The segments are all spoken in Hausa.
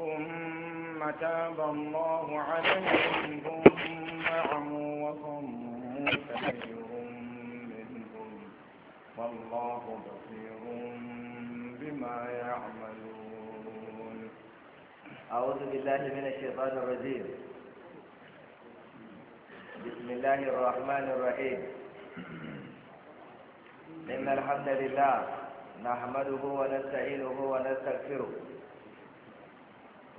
ثم تاب الله عليهم ثم عموا وصموا كثير منهم والله بصير بما يعملون أعوذ بالله من الشيطان الرجيم بسم الله الرحمن الرحيم إن الحمد لله نحمده ونستعينه ونستغفره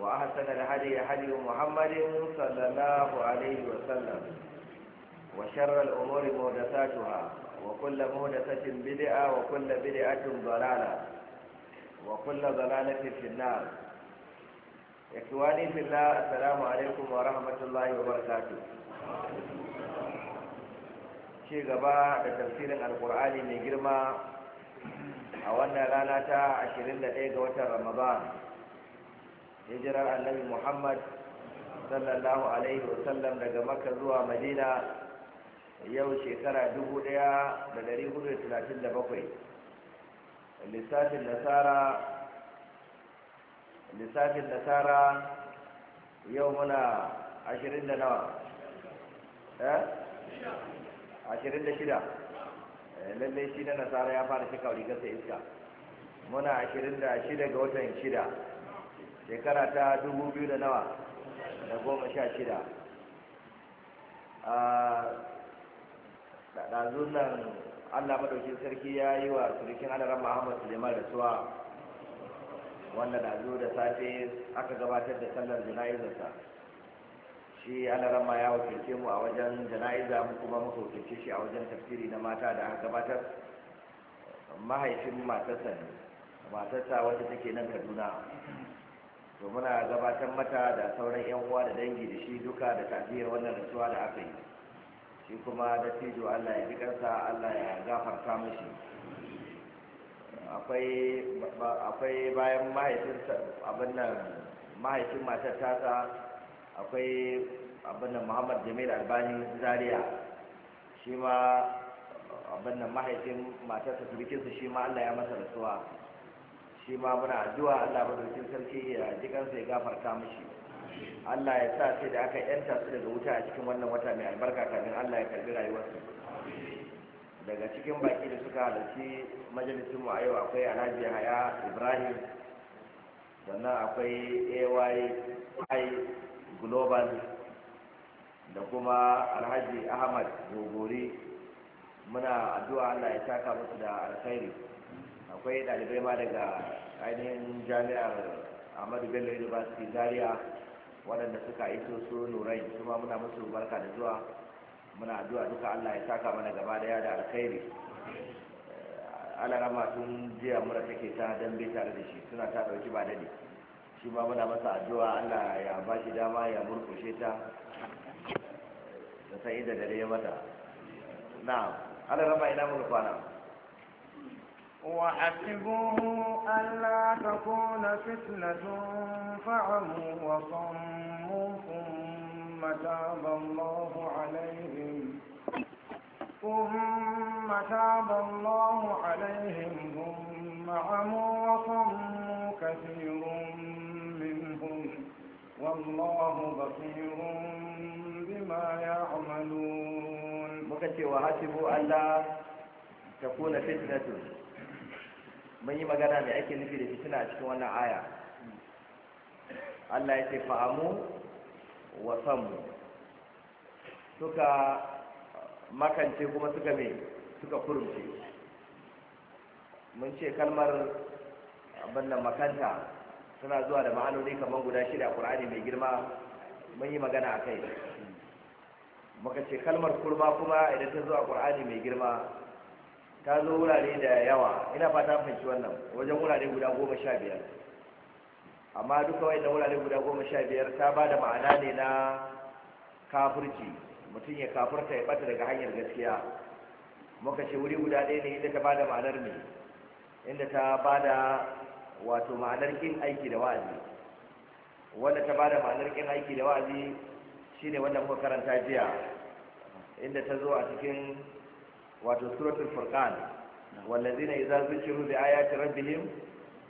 وأحسن الهدي هدي محمد صلى الله عليه وسلم وشر الأمور مهدساتها وكل مهدسة بدعة وكل بدعة ضلالة وكل ضلالة في النار إخواني في الله السلام عليكم ورحمة الله وبركاته شيء غبا تفسير القرآن من جرما أولنا لا نتا عشرين دقيقة وتر رمضان hijirar annabi muhammad sallallahu alaihi wasallam daga makka zuwa madina yau shekara dubu ɗaya da da da hudu da bakwai. lissafin nasara lissafin nasara yau muna ashirin da nawa eh ashirin da shida eh, lallai shi na nasara ya fara shi kawai gasa iska muna ashirin da shida ga watan shida shekara ta dubu biyu da nawa da goma sha shida a ɗazun nan allah maɗauki sarki ya yi wa surukin adaran muhammad suleiman da suwa wanda ɗazu da safe aka gabatar da sallar jana'izarsa shi adaran ma ya wakilce mu a wajen jana'iza mu kuma muka wakilce shi a wajen tafsiri na mata da aka gabatar mahaifin matarsa ne matarsa wacce take nan kaduna to muna gabatar mata da sauran yan uwa da dangi da shi duka da tafiyar wannan rasuwa da aka yi shi kuma da tijo allah ya ji kansa allah ya gafarta mashi akwai bayan mahaifin abin nan mahaifin matar tasa akwai abin nan muhammad jamil albani zaria shi ma abin nan mahaifin matarsa turkinsa shi ma allah ya masa rasuwa shi ma muna addu'a Allah madaukakin sarki ya ji kansa ya gafarta mishi Allah ya sa sai da aka yanta su daga wuta a cikin wannan wata mai albarka kafin Allah ya karbi rayuwarsu daga cikin baki da suka halarci majalisun mu a yau akwai Alhaji Haya Ibrahim sannan akwai AYI Global da kuma Alhaji Ahmad Gogori muna addu'a Allah ya saka musu da alkhairi akwai ɗalibai ma daga ainihin jami'ar ahmadu bello university zaria waɗanda suka iso su nurai kuma muna musu barka da zuwa muna addu'a duka allah ya saka mana gaba daya da alkhairi eh, alarama tun jiya mura take ta dambe tare da shi suna ta ɗauki ba dade shi ma muna masa addu'a allah ya ba shi dama ya murkushe ta da sai da dare ya mata na alarama ina muka kwana وحسبوا ألا تكون فتنة فعموا وصموا ثم تاب الله عليهم ثم تاب الله عليهم ثم عموا وصموا كثير منهم والله بصير بما يعملون وكتي وحسبوا ألا تكون فتنة mun yi magana mai ake nufi da fitina a cikin wannan aya Allah ya ce fa'amu wa samu suka makance kuma suka me suka kurumce mun ce kalmar abin makanta suna zuwa da ma'anoni kamar guda shida ƙur'ani mai girma mun yi magana a kai muka ce kalmar kurma kuma idan ta zuwa ƙur'ani mai girma ta zo wurare da yawa ina fata fahimci wannan wajen wurare guda goma sha biyar amma duka wai da wurare guda goma sha biyar ta ba da ma'ana ne na kafirci mutum ya kafirta ya bata daga hanyar gaskiya muka ce wuri guda ɗaya ne inda ta ba da ma'anar ne inda ta ba da wato ma'anar kin aiki da wa'azi wanda ta ba da ma'anar kin aiki da wa'azi shine wanda muka karanta jiya inda ta zo a cikin wato suratul furqan wallazina idza zukiru bi ayati rabbihim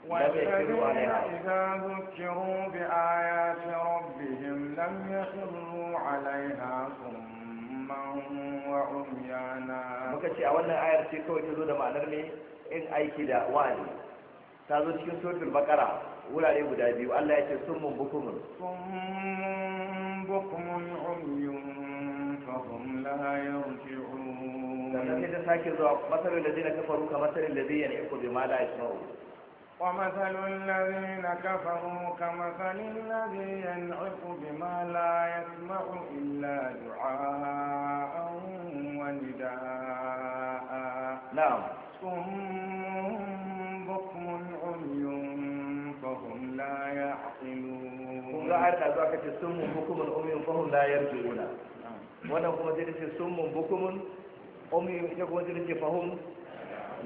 وَالَّذِينَ إِذَا ذُكِّرُوا بِآيَاتِ رَبِّهِمْ لَمْ يَخِرُّوا عَلَيْهَا ثُمَّا وَعُمْيَانَا Muka ce a wannan ayar ce kawai ta zo da ma'anar ne in aiki da wani. Tazo cikin sojin bakara wurare guda biyu Allah ya ce sun mun bukumun. Sun mun bukumun umyun fahim sannan ne ta sake zuwa matsalar da zina kafaru ومثل الذين كفروا كمثل الذي ينعق بما لا يسمع إلا دعاء ونداء نعم صم بكم عمي فهم لا يعقلون صم بكم عمي فهم لا يرجعون ونقول ذلك صم بكم ummi ita kuma ta ce fahum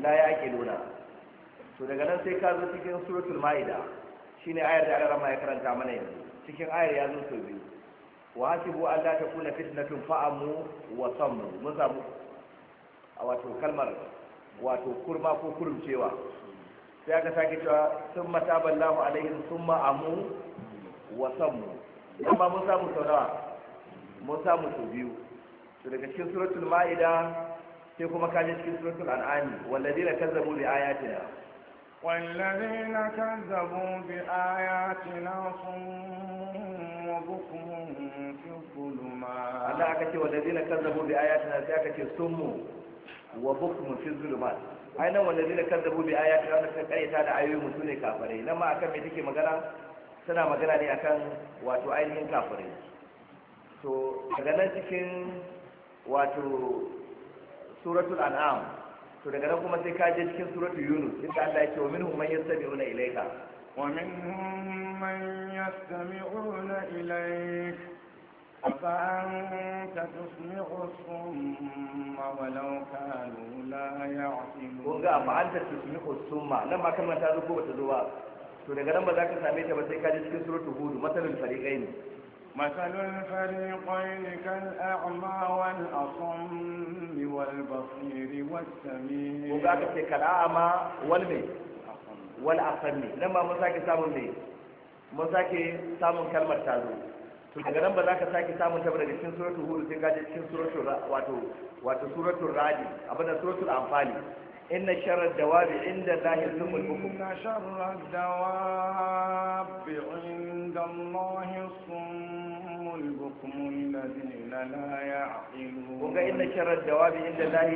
la yaqiluna to daga nan sai ka zo cikin suratul maida shine ayar da Allah ya karanta mana yanzu cikin ayar ya zo sau biyu wa hasibu an la takuna fitnatun fa'amu wa sammu mun samu a wato kalmar wato kurma ko kurumcewa sai aka sake cewa sun mata ballahu alaihim sun ma'amu wa sammu amma mun samu sau nawa mun samu sau biyu daga cikin suratul ma'ida sai kuma kaje cikin suratul an'ami wallazi na kazzabu bi ayatina wallazi na kazzabu bi ayatina sum wa bukum fi dhulma Allah aka ce wallazi na kazzabu bi ayatina sai aka ce sum wa bukum fi dhulma ai nan wallazi na kazzabu bi ayatina wanda suka kaita da ayoyin mutune kafare nan ma akan me take magana suna magana ne akan wato ainihin kafare to daga nan cikin wato suratul an'am to daga nan kuma sai ka je cikin suratul yunus inda Allah ya ce wa minhum man yastami'una ilayka wa minhum man yastami'una ilayka ko ga الصم ولو كانوا لا يعقلون كونغا أفأنت تسمع الصم ba ta zo ba? to daga nan ba za ka same ta ba sai ka je cikin suratul hud matalan fariqain مثل الفريقين كالأعمى والأصم والبصير والسميع وقاك كالأعمى والمي والأصم لما مساك سامن لي مساك سامن كلمة تازو daga nan ba za ka sake samun tabar daga cikin suratul hud sai gaje cikin suratul wato wato suratul radi abin da suratul anfali inna sharra dawabi inda lahi sumul bukum inna sharra البكم الذين لا يعقلون وقال إن شر الجواب عند الله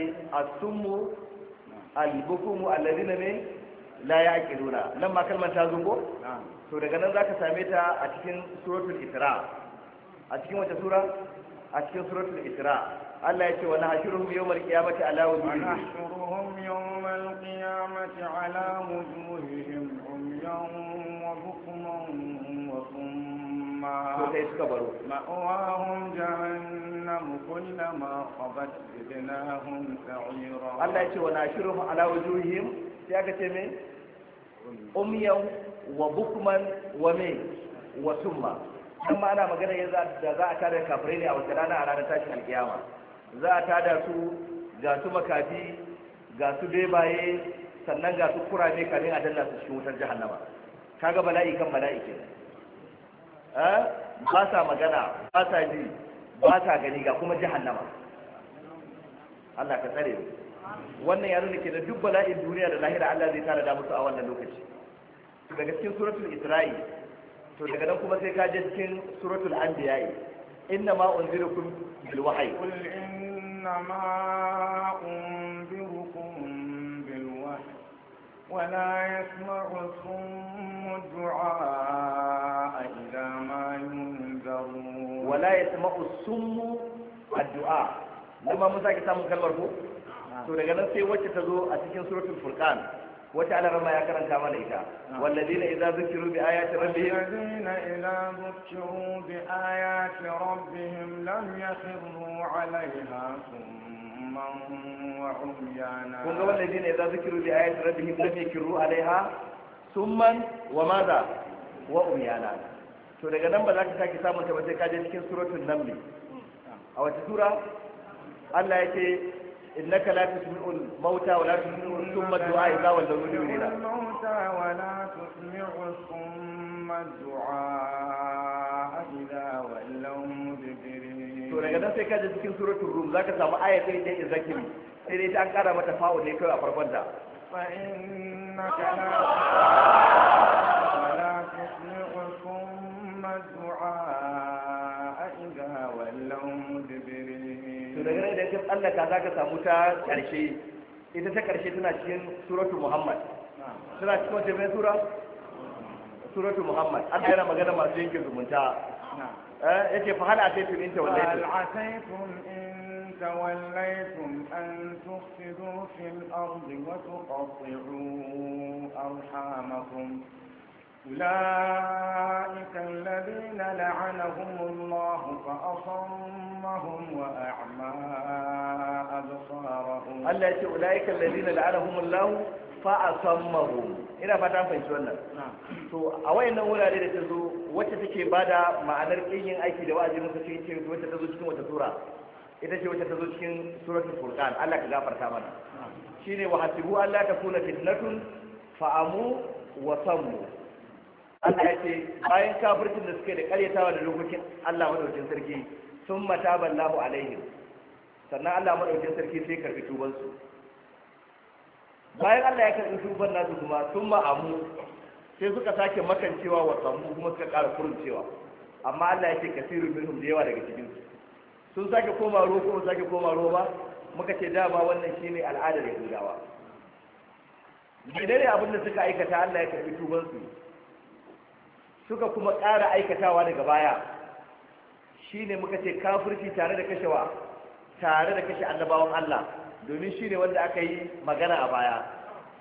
to daga nan zaka same ta a cikin suratul isra a cikin wata sura a cikin suratul isra Allah ya ce wa nahshuruhum yawmal qiyamati ala wujuhihim sosai suka baro. Allah ya ce wa كلما خبت زدناهم سعيرا الله يقول وناشرهم على وجوههم سيأكل من أميا wa summa. وثم ma ana magana yanzu da za a tada kafirai ne a wata rana a ranar tashin alkiyama za a tada su ga su makafi ga su bebaye sannan ga su kurame kamin a danna su cikin wutar jahannama kaga bala'i kan bala'i kenan Eh? ba sa magana ba sa ji ba sa gani ga kuma jahannama Allah ka tsare mu wannan ya nuna kenan duk bala'in duniya da lahira Allah zai tara da musu a wannan lokaci daga cikin suratul isra'i to daga nan kuma sai ka je cikin suratul anbiya inna ma unzirukum bil wahyi qul inna ma unzirukum bil wahyi wa la yasma'u summu du'a wala ya sama usummu addu'a nan ma mun sake samun kalmar ko to daga nan sai wacce ta zo a cikin suratul furqan wacce ma ya karanta mana ita walladina idza zukiru bi ayati rabbihim walladina idza zukiru bi ayati rabbihim lam yakhiru 'alayha kun ga wallazi ne za zikiru bi ayati rabbihim lam yakru alaiha summan wa madha wa umyana to daga nan ba za ka sake samun ta ba sai ka je cikin suratul naml a wata sura Allah ya ce innaka la tusmi'ul mauta wa la tusmi'ul summa du'a idza wallaw yurina mauta wa la tusmi'ul summa du'a idza wallaw mudbirin to daga nan sai ka je cikin suratul rum za ka samu aya sai dai zakiri sai dai ta an kara mata fa'u ne kai a farkon ta fa innaka la tsallaka za ka samu ta ƙarshe ita ta ƙarshe tana cikin suratu muhammad tana cikin wata mai sura suratu muhammad an gana magana masu yankin zumunta eh, ya ce fa inta ataitum in tawallaitum an tufi تفسدوا في wasu ƙasiru arhamakun أولئك الذين لعنهم الله فأصمهم وأعمى أبصارهم الله يقول أولئك الذين لعنهم الله فأصمهم ina fata an fahimci wannan to a wayannan wurare da ta zo wacce take bada ma'anar kin aiki da wa'azi muka ce ce wacce ta zo cikin wata sura ita ce wacce ta zo cikin suratul furqan Allah ka gafarta mana shine wa hasibu alla takuna fitnatun fa'amu wa sammu Allah ya ce bayan kafircin da suke da karyatawa da dokokin Allah madaukin sarki sun mata ballahu alaihim sannan Allah madaukin sarki sai karfi tubansu bayan Allah ya karfi tuban nasu kuma sun ma'amu sai suka sake makancewa wa samu kuma suka ƙara kuruncewa amma Allah ya ce kasiru minhum da yawa daga cikin su sun sake koma ruwa kuma sake koma ruwa ba muka ce dama wannan shine al'adar yahudawa menene abin da suka aikata Allah ya karfi tubansu suka kuma ƙara aikatawa daga baya shine muka ce kafirci tare da kashewa tare da kashe annabawan Allah domin shine wanda aka yi magana a baya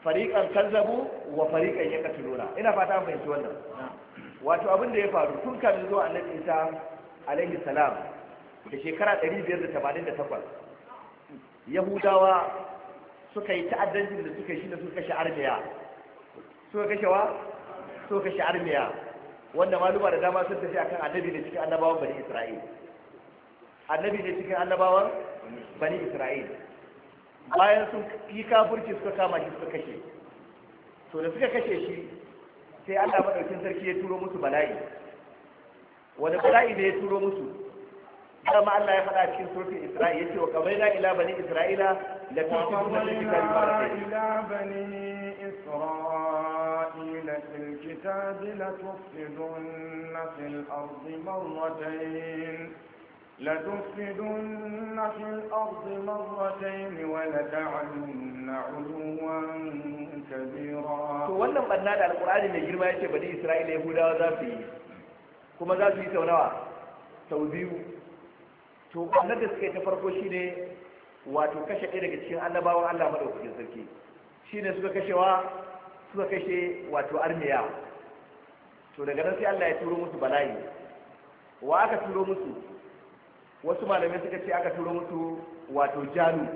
fariƙan kanzabu wa fariqan yaqtuluna ina fata mai fahimci wannan wato abin da ya faru tun kafin zuwa annabi Isa alaihi salam da shekara 588 yahudawa suka yi ta'addancin da suka yi da suka kashe armiya suka kashe wa suka kashe armiya wanda maluma da dama sun tafi akan annabi ne cikin annabawan bani isra'il annabi ne cikin annabawan bani isra'il bayan sun yi kafurci suka kama shi suka kashe to da suka kashe shi sai allah maɗaukin sarki ya turo musu bala'i wani bala'i ne ya turo musu dama allah ya faɗa cikin surfin isra'il ya ce wa kamar na ila bani isra'ila la tuntun da shi kari ba da في الكتاب لتفسدن في الأرض مرتين لتفسدن في الأرض مرتين ولتعلن علوا كبيرا ولم أن القرآن من جرمه يتبدي إسرائيل يهودا وذافي كما ذات في سونا توذيو to annabi da suka yi ta farko shine wato kashe ɗaya daga cikin suka kashe wato armiya to daga nan sai Allah ya turo musu bala'i wa aka turo musu wasu malamai suka ce aka turo musu wato jalu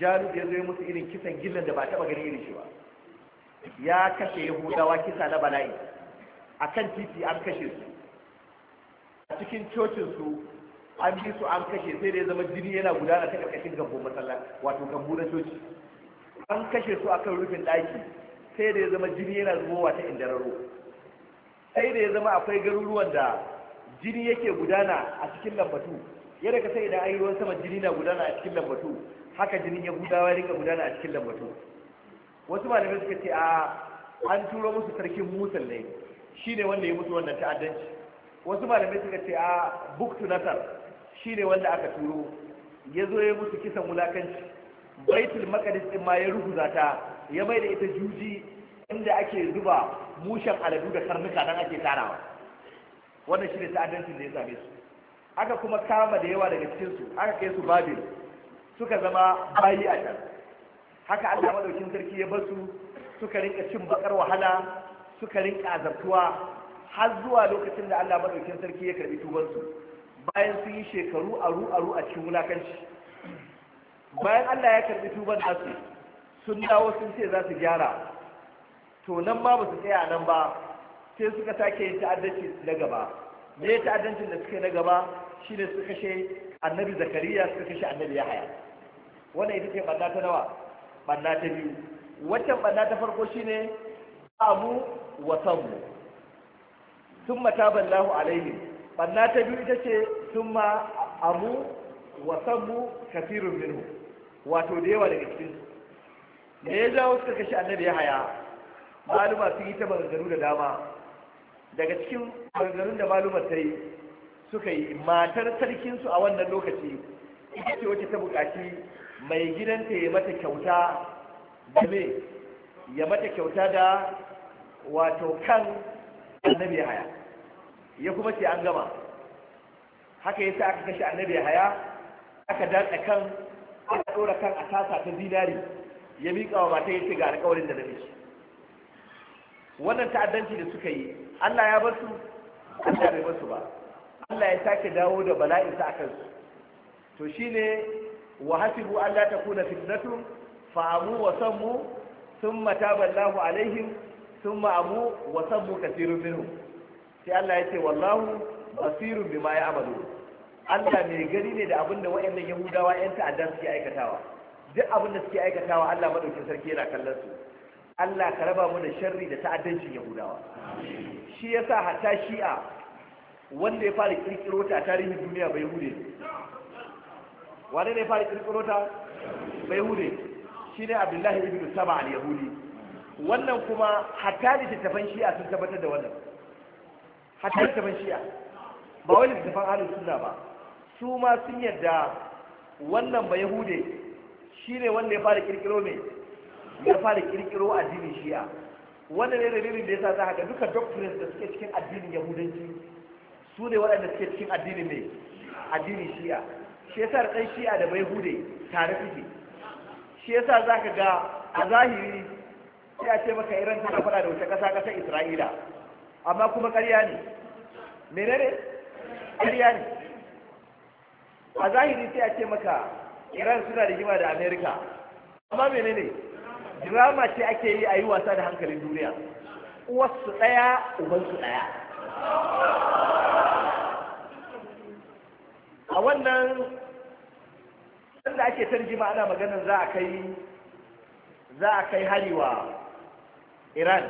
jalu ya zo musu irin kisan gillan da ba taba gani irin shi ba ya kashe yahudawa kisa na bala'i a kan titi an kashe su a cikin cocin su an bi su an kashe sai da ya zama jini yana gudana ta karkashin gambo masallaci wato gambo na coci an kashe su akan rufin ɗaki sai da ya zama jini yana zuwa ta indararo sai da ya zama akwai garuruwan da jini yake gudana a cikin lambatu yadda ka sai idan an yi ruwan sama jini na gudana a cikin lambatu haka jini ya gudawa rika gudana a cikin lambatu wasu malamai suka ce a an turo musu sarkin musul ne shine wanda ya mutu wannan ta'addanci wasu malamai suka ce a buktu nasar shine wanda aka turo ya zo ya mutu kisan wulakanci baitul maqdis din ma ya ruguza ta ya mai da ita juji inda ake zuba mushen aladu da karnuka dan ake tarawa wannan ta ta'addancin da ya same su aka kuma kama da yawa daga cikin su aka kai su babil suka zama bayi a can haka Allah madaukin sarki ya basu suka rinka cin bakar wahala suka rinka azabtuwa har zuwa lokacin da Allah madaukin sarki ya karbi tubansu bayan sun yi shekaru aru aru a cikin wulakanci bayan Allah ya karbi tuban nasu sun dawo sun ce za su gyara to nan ma ba su tsaya nan ba sai suka take yin ta'addanci na gaba me ta'addancin da suka na gaba shine suka kashe annabi zakariya suka kashe annabi yahaya wannan ita ce banna ta nawa banna ta biyu waccan banna ta farko shine amu wa samu summa taballahu alaihim banna ta biyu ita ce summa amu wa samu kafirun minhu wato da yawa daga cikin me ya jawo suka kashe annabi ya haya maluma sun yi ta maganganu da dama daga cikin maganganun da maluma ta yi suka yi matar sarkinsu a wannan lokaci ita ce wacce ta buƙaci mai gidanta ya mata kyauta da me ya mata kyauta da wato kan annabi ya haya ya kuma ce an gama haka yasa aka kashe annabi ya haya aka datsa kan ya ɗora kan a tasa ta zinari ya miƙa wa mata ya ce ga alƙawarin da na wannan ta'addanci da suka yi Allah ya basu Allah bai basu ba Allah ya sake dawo da bala'in sa akan su to shine wa hasibu Allah takuna fitnatu fa amu wa sammu thumma taba Allahu alaihim thumma amu wa sammu kathirun minhum sai Allah ya ce wallahu basirun bima ya'malun Allah mai gani ne da abin da waɗannan Yahudawa 'yan ta'adda suke aikatawa duk abin da suke aikatawa Allah madaukin sarki yana kallon su Allah ka raba mu da sharri da ta'addancin Yahudawa shi ya sa hatta Shi'a wanda ya fara kirkiro ta a tarihin duniya bai hude wane ne ya fara kirkiro ta bai hude ne Abdullahi ibn Saba al-Yahudi wannan kuma hatta littattafan Shi'a sun tabbatar da wannan hatta littattafan Shi'a ba wai littattafan Ahlus Sunna ba su ma sun yadda wannan ba yahude shi ne wanda ya fara kirkiro ne ya fara kirkiro addinin shi'a wannan ne dalilin da ya sa za ga duka doctrines da suke cikin addinin yahudanci su ne waɗanda suke cikin addinin mai addinin shiya shi yasa ɗan shiya da bai hude tare suke shi yasa za ka ga a zahiri sai a ce maka iran tana faɗa da wata ƙasa ƙasar isra'ila amma kuma ƙarya ne menene ƙarya ne a zahiri sai a ce maka iran suna rigima da amerika amma menene drama ce ake yi a yi wasa da hankalin duniya uwarsu ɗaya ubansu ɗaya a wannan wanda ake tarjima ana maganin za a kai za a kai hari iran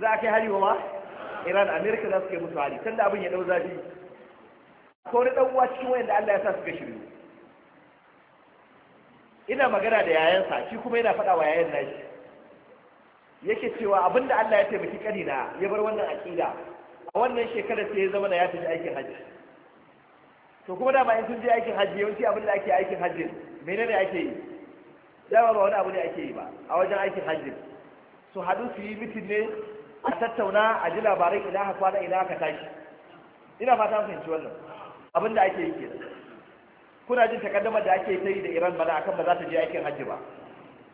za a kai hari wa iran amerika za su kai musu hari tanda abin ya dau zafi ko na dan uwa cikin da Allah ya sa suka shiryu ina magana da yayansa shi kuma yana faɗa wa yayan nashi yake cewa abinda Allah ya taimaki na ya bar wannan aƙida a wannan shekarar sai ya zama da ya tafi aikin hajji to kuma dama in sun je aikin hajji yawanci abinda ake aikin hajji menene ake yi dama ba wani abu ne ake yi ba a wajen aikin hajji su haɗu su yi mitin ne a tattauna a ji labarai ina haka kwana ina haka tashi ina fata fahimci wannan abin da ake yi ke kuna jin takaddamar da ake ta yi da iran bana akan ba za ta je aikin hajji ba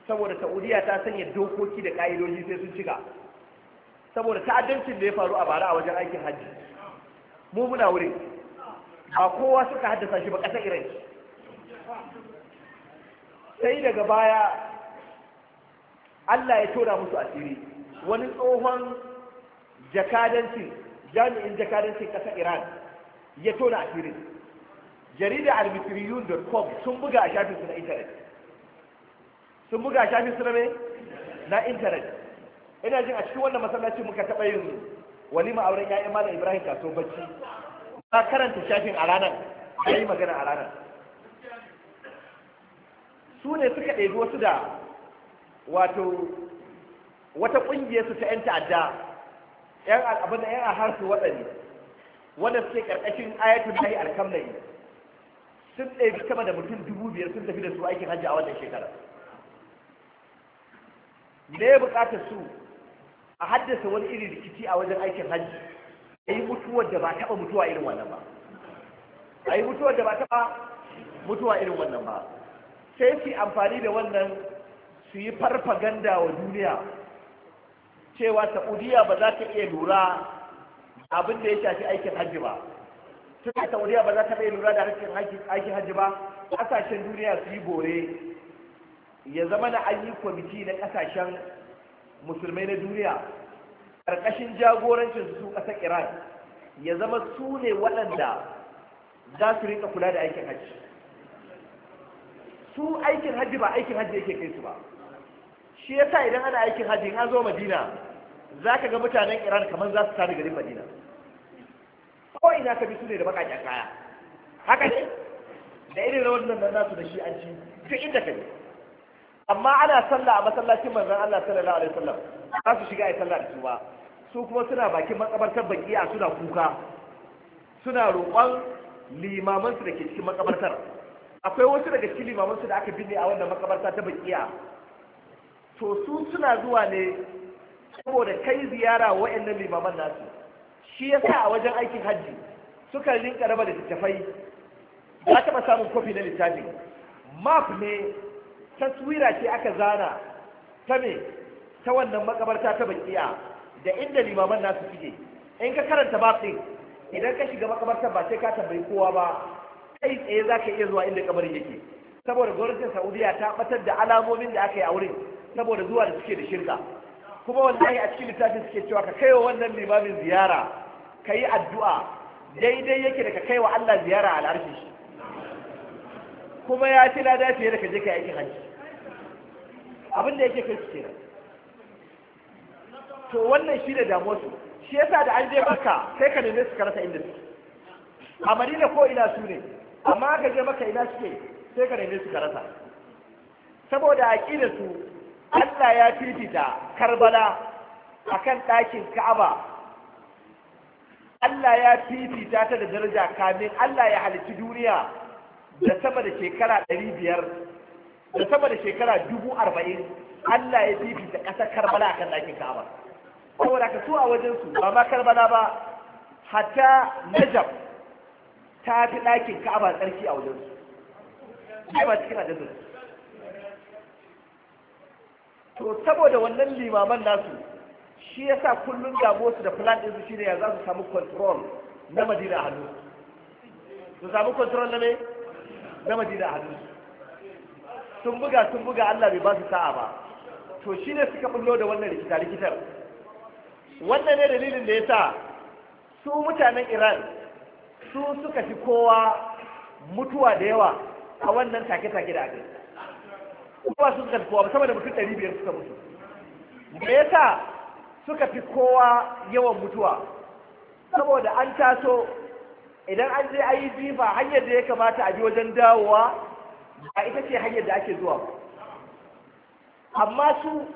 saboda saudiya ta sanya dokoki da ka'idoji sai sun cika saboda ta'addancin da ya faru a bara a wajen aikin hajji mu muna wuri a kowa suka haddasa shi ba ƙasar iran sai daga baya allah ya tura musu asiri wani tsohon jakadancin jami'in jakadancin ƙasar iran ya tona a asirin jarida almisriyun.com sun buga a shafin su na intanet sun buga a shafin su na me na intanet ina jin a cikin wannan masallaci muka taɓa yin walima auren ya'yan malam ibrahim kaso bacci na karanta shafin a ranar ya yi magana a ranar su ne suka ɗebi wasu da wato wata ƙungiyarsu ta 'yan ta'adda 'yan abin da 'yan a harsu waɗanne wanda suke karkashin ayatul lahi alkamlai sun ɗaya sama da mutum dubu biyar sun tafi da su aikin hajji a wannan shekara me ya bukatar su a haddasa wani irin rikici a wajen aikin hajji a yi mutuwar da ba taɓa mutuwa irin wannan ba a yi mutuwar da ba taɓa mutuwa irin wannan ba sai su amfani da wannan su yi farfaganda wa duniya cewa saudiya ba za ta iya lura abin da ya shafi aikin hajji ba tun da saudiya ba za ta bai lura da aikin hajji ba ƙasashen duniya su yi bore ya zama na an yi kwamiti na ƙasashen musulmai na duniya ƙarƙashin jagorancin su ƙasar iran ya zama su ne waɗanda za su rika kula da aikin hajji su aikin hajji ba aikin hajji yake kai su ba shi yasa idan ana aikin hajji in an zo madina za ka ga mutanen iran kamar za su tare garin madina ko ina ka bi su ne da bakaƙen kaya haka ne da irin rawar nan nan nasu da shi an ci duk inda ka yi amma ana sallah a masallacin manzon Allah sallallahu alaihi wasallam za su shiga a sallah da su ba su kuma suna bakin makabartar bakiya suna kuka suna roƙon limamansu da ke cikin makabartar akwai wasu daga cikin su da aka binne a wannan makabarta ta bakiya to su suna zuwa ne saboda kai ziyara wa'annan limaman nasu shi ya sa a wajen aikin hajji suka rinka raba da littafai ba taɓa samun kofi na littafin map ne taswira ce aka zana ta me ta wannan makabarta ta bakiya da inda limaman nasu suke in ka karanta map ɗin idan ka shiga makabartar ba sai ka tambayi kowa ba kai tsaye za ka iya zuwa inda kabarin yake saboda gwamnatin saudiya ta batar da alamomin da aka yi a wurin saboda zuwa da suke da shirka kuma wallahi a cikin littafin suke cewa ka kaiwa wannan limamin ziyara ka yi addu'a daidai yake da ka kai wa Allah ziyara al'arshi shi kuma ya ci lada fiye da ka je ka yi hajji abin da yake kai su kenan to wannan shi da damuwarsu shi yasa da an je maka sai ka neme su ka rasa inda su. a madina ko ina su ne amma ka je maka ina suke sai ka neme su ka rasa saboda aƙida su Allah ya fifita Karbala akan ɗakin Ka'aba Allah ya fifita ta da daraja kamin Allah ya halici duniya da sama da shekara ɗari biyar da sama da shekara dubu arba'in Allah ya fifita ƙasar Karbala a kan ɗakin Ka'aba. Saboda ka so a wajensu ba ma Karbala ba hatta Najab ta fi ɗakin Ka'aba tsarki a wajensu. Ai ba cikin adadin. To saboda wannan limaman nasu shi ya sa kullum damuwarsu da plan ɗinsu shine ya za su samu control na madina a hannu su samu control na mai na madina a hannu sun buga sun buga Allah bai ba su sa'a ba to shi ne suka bullo da wannan rikita rikitar wannan ne dalilin da ya sa su mutanen Iran su suka fi kowa mutuwa da yawa a wannan take-take da aka kuma su suka fi kowa sama da mutum 500 suka mutu me yasa suka fi kowa yawan mutuwa saboda an taso idan an je a yi jifa hanyar da ya kamata a bi wajen dawowa ba ita ce hanyar da ake zuwa amma su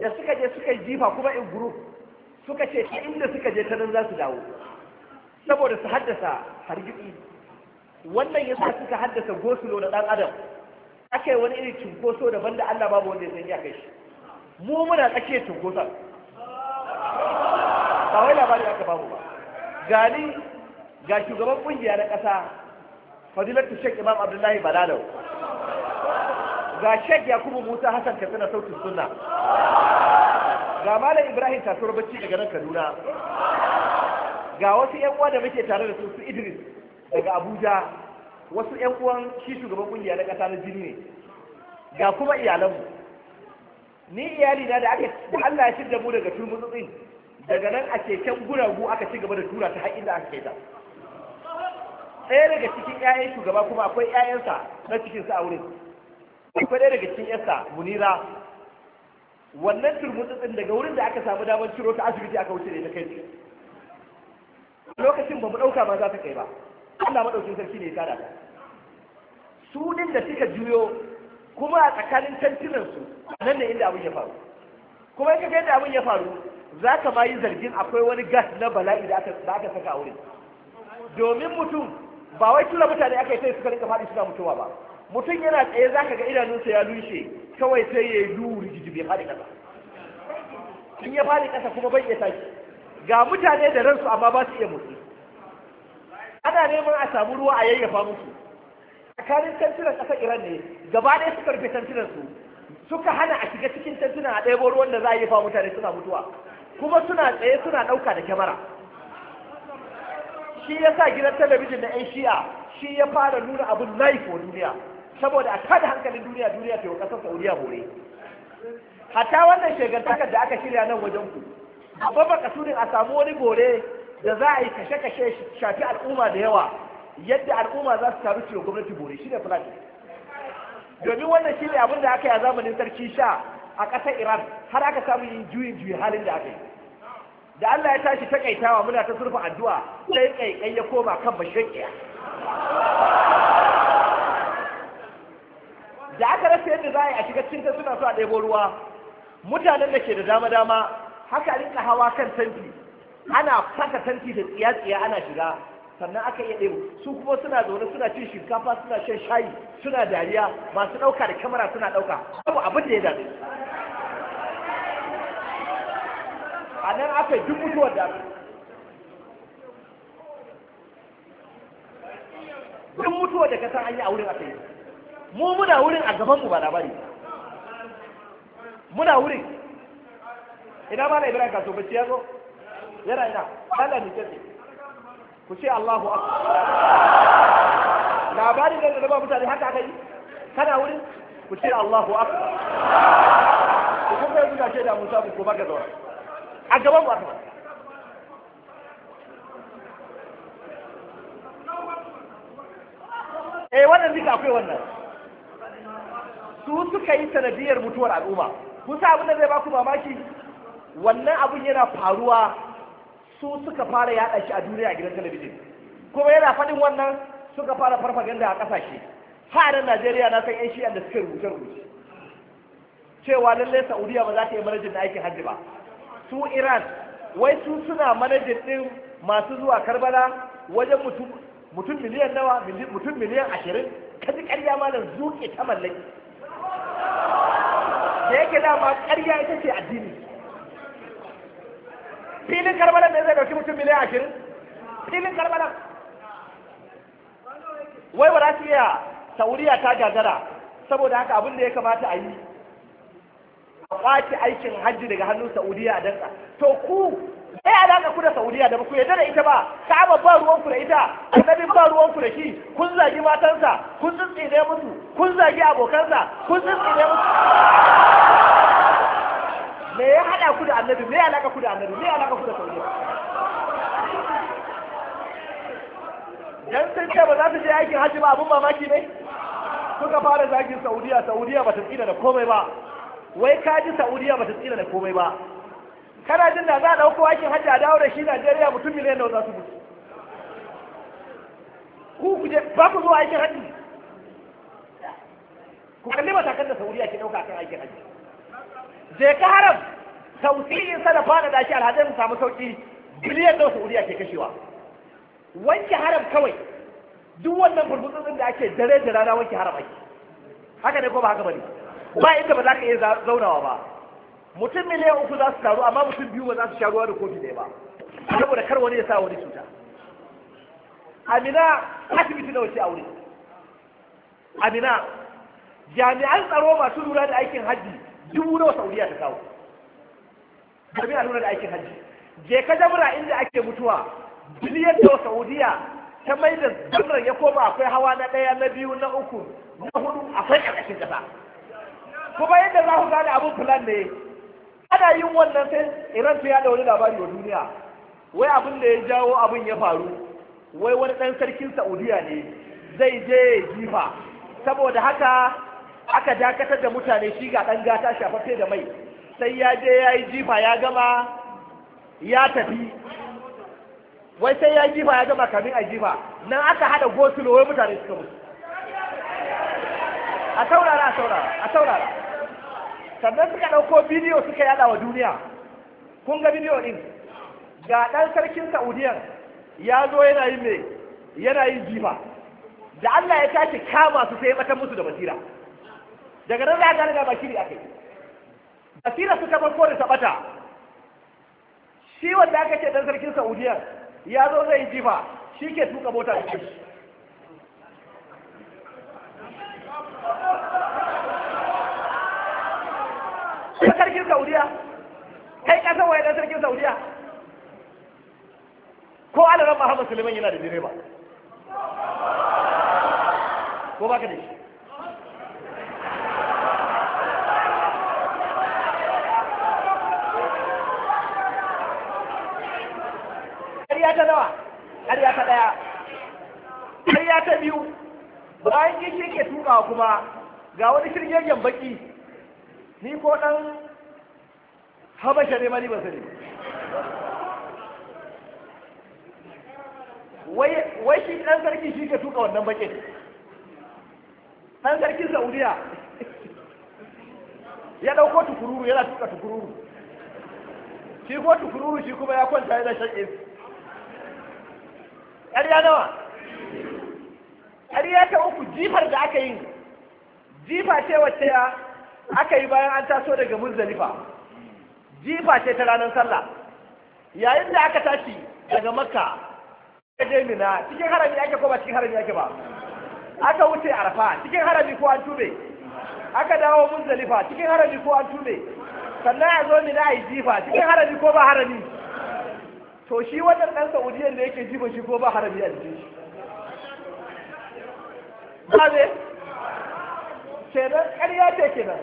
da suka je suka yi jifa kuma in group suka ce ta inda suka je ta nan za su dawo saboda su haddasa hargitsi wannan ya sa suka haddasa gosulo na dan adam aka yi wani irin cunkoso daban da Allah babu wanda ya sanya kai shi mu muna tsakiyar cunkoson ba wai labari aka babu ba gani ga shugaban kungiya na ƙasa fadilatu shek imam abdullahi balalau ga shek yakubu musa hassan katsina sautin sunna ga malam ibrahim tasuwar bacci daga nan kaduna ga wasu yan uwa da muke tare da su su idris daga abuja wasu yan uwan shi shugaban kungiya na ƙasa na jini ne ga kuma iyalanmu ni iyali na da ake da Allah ya shirya mu daga turmutsutsin daga nan a keken guragu aka ci gaba da tura ta har da aka kai ta ɗaya daga cikin 'ya'yan shugaba kuma akwai 'ya'yansa na cikin sa aure akwai ɗaya daga cikin 'yarsa munira wannan turmutsutsin daga wurin da aka samu damar ciro ta asibiti aka wuce da ta kai lokacin ba mu ɗauka ma za ta kai ba Allah maɗaukin sarki ne ya tada su ɗin da suka juyo kuma a tsakanin tantinansu nan ne inda abin ya faru kuma in ka kai da abin ya faru za ka ma yi zargin akwai wani gas na bala'i da aka saka a wurin domin mutum ba wai tura mutane aka yi sai suka rinka faɗi suna mutuwa ba mutum yana tsaye za ka ga idanunsa ya lushe kawai sai ya yi duhu rigiji bai faɗi ƙasa in ya faɗi ƙasa kuma bai iya tashi ga mutane da ransu amma ba su iya motsi ana neman a samu ruwa a yayyafa musu tsakanin tantunan ƙasar iran ne gaba ɗaya suka rufe tantunan su suka hana a shiga cikin tantuna a ɗaya ruwan da za a yi fa mutane suna mutuwa kuma suna tsaye suna ɗauka da kyamara shi ya sa gidan talabijin na 'yan shi'a shi ya fara nuna abin laifo duniya saboda a kada hankalin duniya duniya ta yi ƙasar sauriya bore hatta wannan shegantakar da aka shirya nan wajen ku a babba kasurin a samu wani bore da za a yi kashe-kashe shafi al'umma da yawa yadda al'umma za su taru cewa gwamnati bore shi ne fulani domin wannan shi ne abin da aka yi a zamanin sarki sha a ƙasar iran har aka samu yin juyin juyi halin da aka yi da allah ya tashi ta takaitawa muna ta surfa addu'a sai kaikai ya koma kan bashakiya da aka rasa yadda za a yi a shiga cinta suna so a ɗebo ruwa mutanen da ke da dama-dama haka rinka hawa kan tanti ana fasa tanti da tsiya-tsiya ana shiga sannan aka iya ɗebo su kuma suna zaune suna cin shinkafa suna shan shayi suna dariya masu ɗauka da kamera suna ɗauka abu abin da ya dame a nan aka yi duk mutuwar da duk mutuwar da ka san an yi a wurin aka yi mu muna wurin a gaban mu ba labari muna wurin ina ma na ibrahim kaso bacci ya zo yana ina Allah ne kace ku ce Allahu akbar labarin da zaba mutane haka aka yi kana wurin ku ce Allahu akbar ku kuma yanzu ga ce da Musa ku kuma ga zaura a gaban ku akbar eh wannan duka akwai wannan su suka yi sanadiyar mutuwar al'umma kusa abin da zai ba ku mamaki wannan abin yana faruwa su suka fara yaɗa shi a duniya a gidan talabijin kuma yana faɗin wannan suka fara farfaganda a ƙasashe haɗin najeriya na san yan shi'an da suka rubuce rubuce cewa lallai saudiya ba za ta yi manajin na aikin hajji ba su iran wai su suna manajin ɗin masu zuwa karbala wajen mutum mutum miliyan nawa mutum miliyan ashirin kaji ƙarya malam zuƙe ta mallaki da yake dama ƙarya ita ce addini filin karbala ne zai dauki mutum miliyan ashirin filin karbala wai ba za su iya sauriya ta gagara saboda haka abin da ya kamata a yi a kwace aikin hajji daga hannun saudiya a danka to ku sai alaka ku da saudiya da ku yadda da ita ba ka'aba ba ruwan ku da ita annabi ba ruwan ku da shi kun zagi matansa kun ne musu kun zagi abokansa kun ne musu me ya hada ku da annabi me ya alaka ku da annabi me ya alaka ku da tauhid dan sun ce ba za su je aikin hajji ba abun mamaki ne suka fara zagin saudiya saudiya ba ta tsira da komai ba wai ka ji saudiya ba ta tsira da komai ba kana jin da za a ɗauko aikin hajji a dawo da shi najeriya mutum miliyan da za su mutu ku kuje ba ku zo aikin hajji ku kalli matakan da saudiya ke ɗauka kan aikin hajji zai ka haram tausirin sa da fada da shi alhazai mu samu sauki biliyan da saudiya ke kashewa wanke haram kawai duk wannan burbutsutsun da ake dare da rana wanke haram ake haka ne ko ba haka bane ba inda ba za ka iya zaunawa ba mutum miliyan uku za su taru amma mutum biyu ba za su sha ruwa da kofi ɗaya ba saboda kar wani ya sa wani cuta amina asibiti nawa ce aure amina jami'an tsaro masu lura da aikin hajji dubu nawa saudiya ta kawo domin a nuna da aikin hajji je ka jamura inda ake mutuwa biliyan da saudiya ta mai da zamurar ya koma akwai hawa na ɗaya na biyu na uku na hudu akwai ƙarƙashin ƙasa kuma yadda za ku gane abin fulan ne ana yin wannan sai iran ta yada wani labari wa duniya wai abin da ya jawo abin ya faru wai wani ɗan sarkin saudiya ne zai je jifa saboda haka aka dakatar da mutane shi ga ɗan gata shafaffe da mai sai ya je ya yi jifa ya gama ya tafi wai sai ya yi jifa ya gama kamin a jifa nan aka haɗa gosulo wai mutane suka mutu a saurara a saurara a saurara sannan suka ɗauko bidiyo suka yada wa duniya kun ga bidiyo ɗin ga ɗan sarkin saudiyan ya zo yana yin mai yana yin jifa da Allah ya tashi kama su sai ya musu da basira daga nan za ka riga ba shiri akai basira suka bar kore ta bata shi wanda aka ce dan sarkin Saudiya ya zo zai jifa shi ke tuka mota da shi dan sarkin Saudiya kai kasa waye dan sarkin Saudiya ko alaran Muhammad Suleiman yana da direba ko ka da shi ƙarya ta nawa ƙarya ta ɗaya ƙarya ta biyu bayan yi shi ke tuka kuma ga wani shirgegen baki ni ko ɗan habasha ne mani ba sani wai shi ɗan sarki shi ke tuka wannan bakin ɗan sarkin saudiya ya ɗauko tukururu yana tuka tukururu shi ko tukururu shi kuma ya kwanta yana shan ƙarya nawa ƙarya ta uku jifar da aka yi jifa ce wacce aka yi bayan an taso daga muzdalifa jifa ce ta ranar sallah yayin da aka tashi daga makka aka je mina cikin harami ake ko ba cikin harami ake ba aka wuce arfa cikin harami ko an tube aka dawo muzdalifa cikin harami ko an tube sannan a zo mina a yi jifa cikin harami ko ba harami to shi wannan ɗan saudiyar da yake jiba shi ko ba harami a jikin shi ba ne kenan ƙarya ce kenan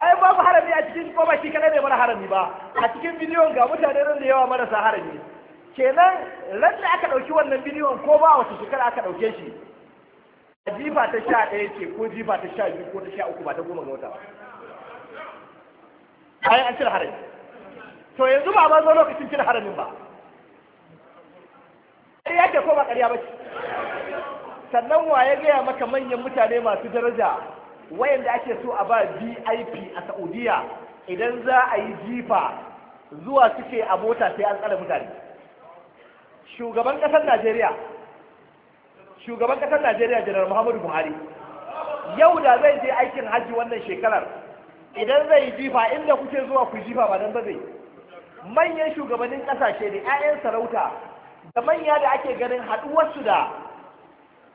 ai babu harami a cikin ko ba shi kadai ne mara harami ba a cikin bidiyon ga mutane nan da yawa marasa harami kenan ran da aka ɗauki wannan bidiyon ko ba wata shekara aka ɗauke shi a jifa ta sha ɗaya ce ko jifa ta sha biyu ko ta sha uku ba ta goma ga wata ba ai an cire harami to yanzu ba ma zo lokacin cin haramin ba ƙarya ce ko ba ƙarya ba ce sannan wa ya gaya maka manyan mutane masu daraja wayanda ake so a ba vip a saudiya idan za a yi jifa zuwa suke a mota sai an tsara mutane shugaban ƙasar najeriya shugaban ƙasar najeriya janar muhammadu buhari yau da zai je aikin hajji wannan shekarar idan zai yi jifa inda kuke zuwa ku jifa ba nan ba zai yi manyan shugabannin kasashe da 'ya'yan sarauta da manya da ake ganin haɗuwarsu da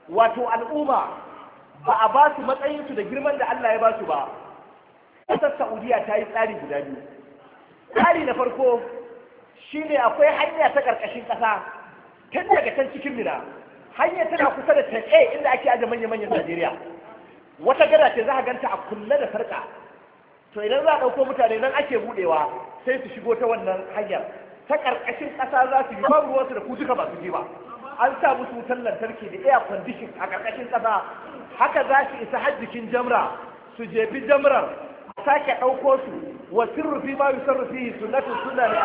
wato al'umma ba a ba su matsayinsu da girman da Allah ya ba su ba ƙasar saudiya ta yi tsari guda biyu tsari na farko shine akwai hanya ta ƙarƙashin ƙasa tun daga can cikin mina hanya tana kusa da ta inda ake aje manya-manyan najeriya wata gada ce za a ganta a kulle da sarƙa to idan za a ɗauko mutane nan ake buɗewa sai su shigo ta wannan hanyar ta ƙarƙashin ƙasa za su yi babu ruwansu da kutuka ba su ba an sa musu wutar lantarki da air condition a ƙarƙashin ƙasa haka za su isa hajjikin jamra su jefi jamrar sake ɗauko su wa sirrufi ma yusarrufi sunnatun sunna ne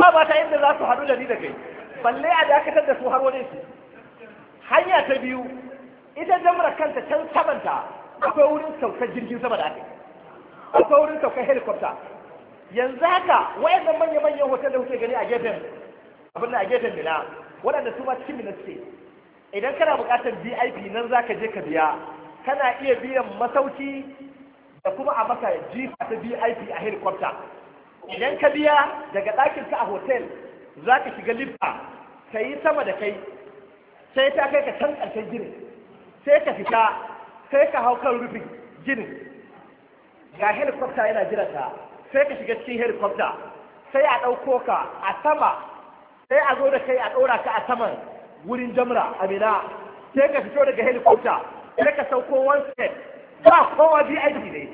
ba ba ta inda za su haɗu da ni da kai balle a dakatar da su har wani su hanya ta biyu ita jamra kanta can sabanta akwai wurin saukar jirgin sama da aka akwai wurin saukar helicopter yanzu haka wayannan manya-manyan hotel da kuke gani a gefen abin da a gefen mina waɗanda su ma cikin mina suke idan kana buƙatar vip nan za ka je ka biya kana iya biyan masauki da kuma a maka jifa ta vip a helicopter idan ka biya daga ɗakin ka a hotel za ka shiga lifta ka yi sama da kai sai ta kai ka can ƙarshen gini sai ka fita sai ka hau kan rufin ginin ga helikopta yana jirata sai ka shiga cikin helikopta, sai a ɗauko ka a sama sai a zo da kai a ɗora ka a saman wurin jamra a mina sai ka fito daga helikopta, sai ka sauko one step ba kowa vip ne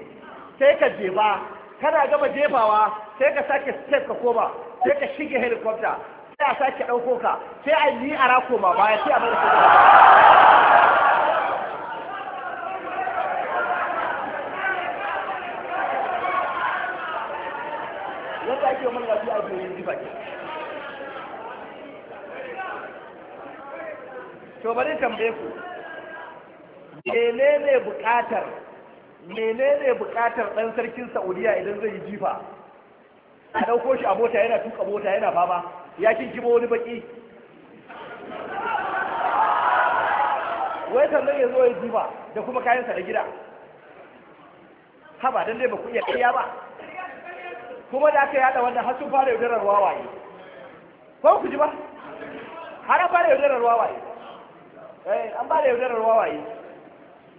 sai ka jefa kana gama jefawa sai ka sake step ka koma sai ka shiga helikopta, sai a sake ɗauko ka sai a yi a rako ma baya sai a bar yadda ake wa mallaki a doyin zifa ke to bari tambaye ku menene bukatar menene bukatar dan sarkin Saudiya idan zai yi jifa a dauko shi a mota yana tuka mota yana fama ya kin kibo wani baki wai sannan ya zo ya jifa da kuma kayansa da gida haba dan dai ba ku iya kariya ba kuma da aka yada wannan har sun fara yaudarar wawaye ko ku ji ba har an fara yaudarar wawaye eh an fara yaudarar wawaye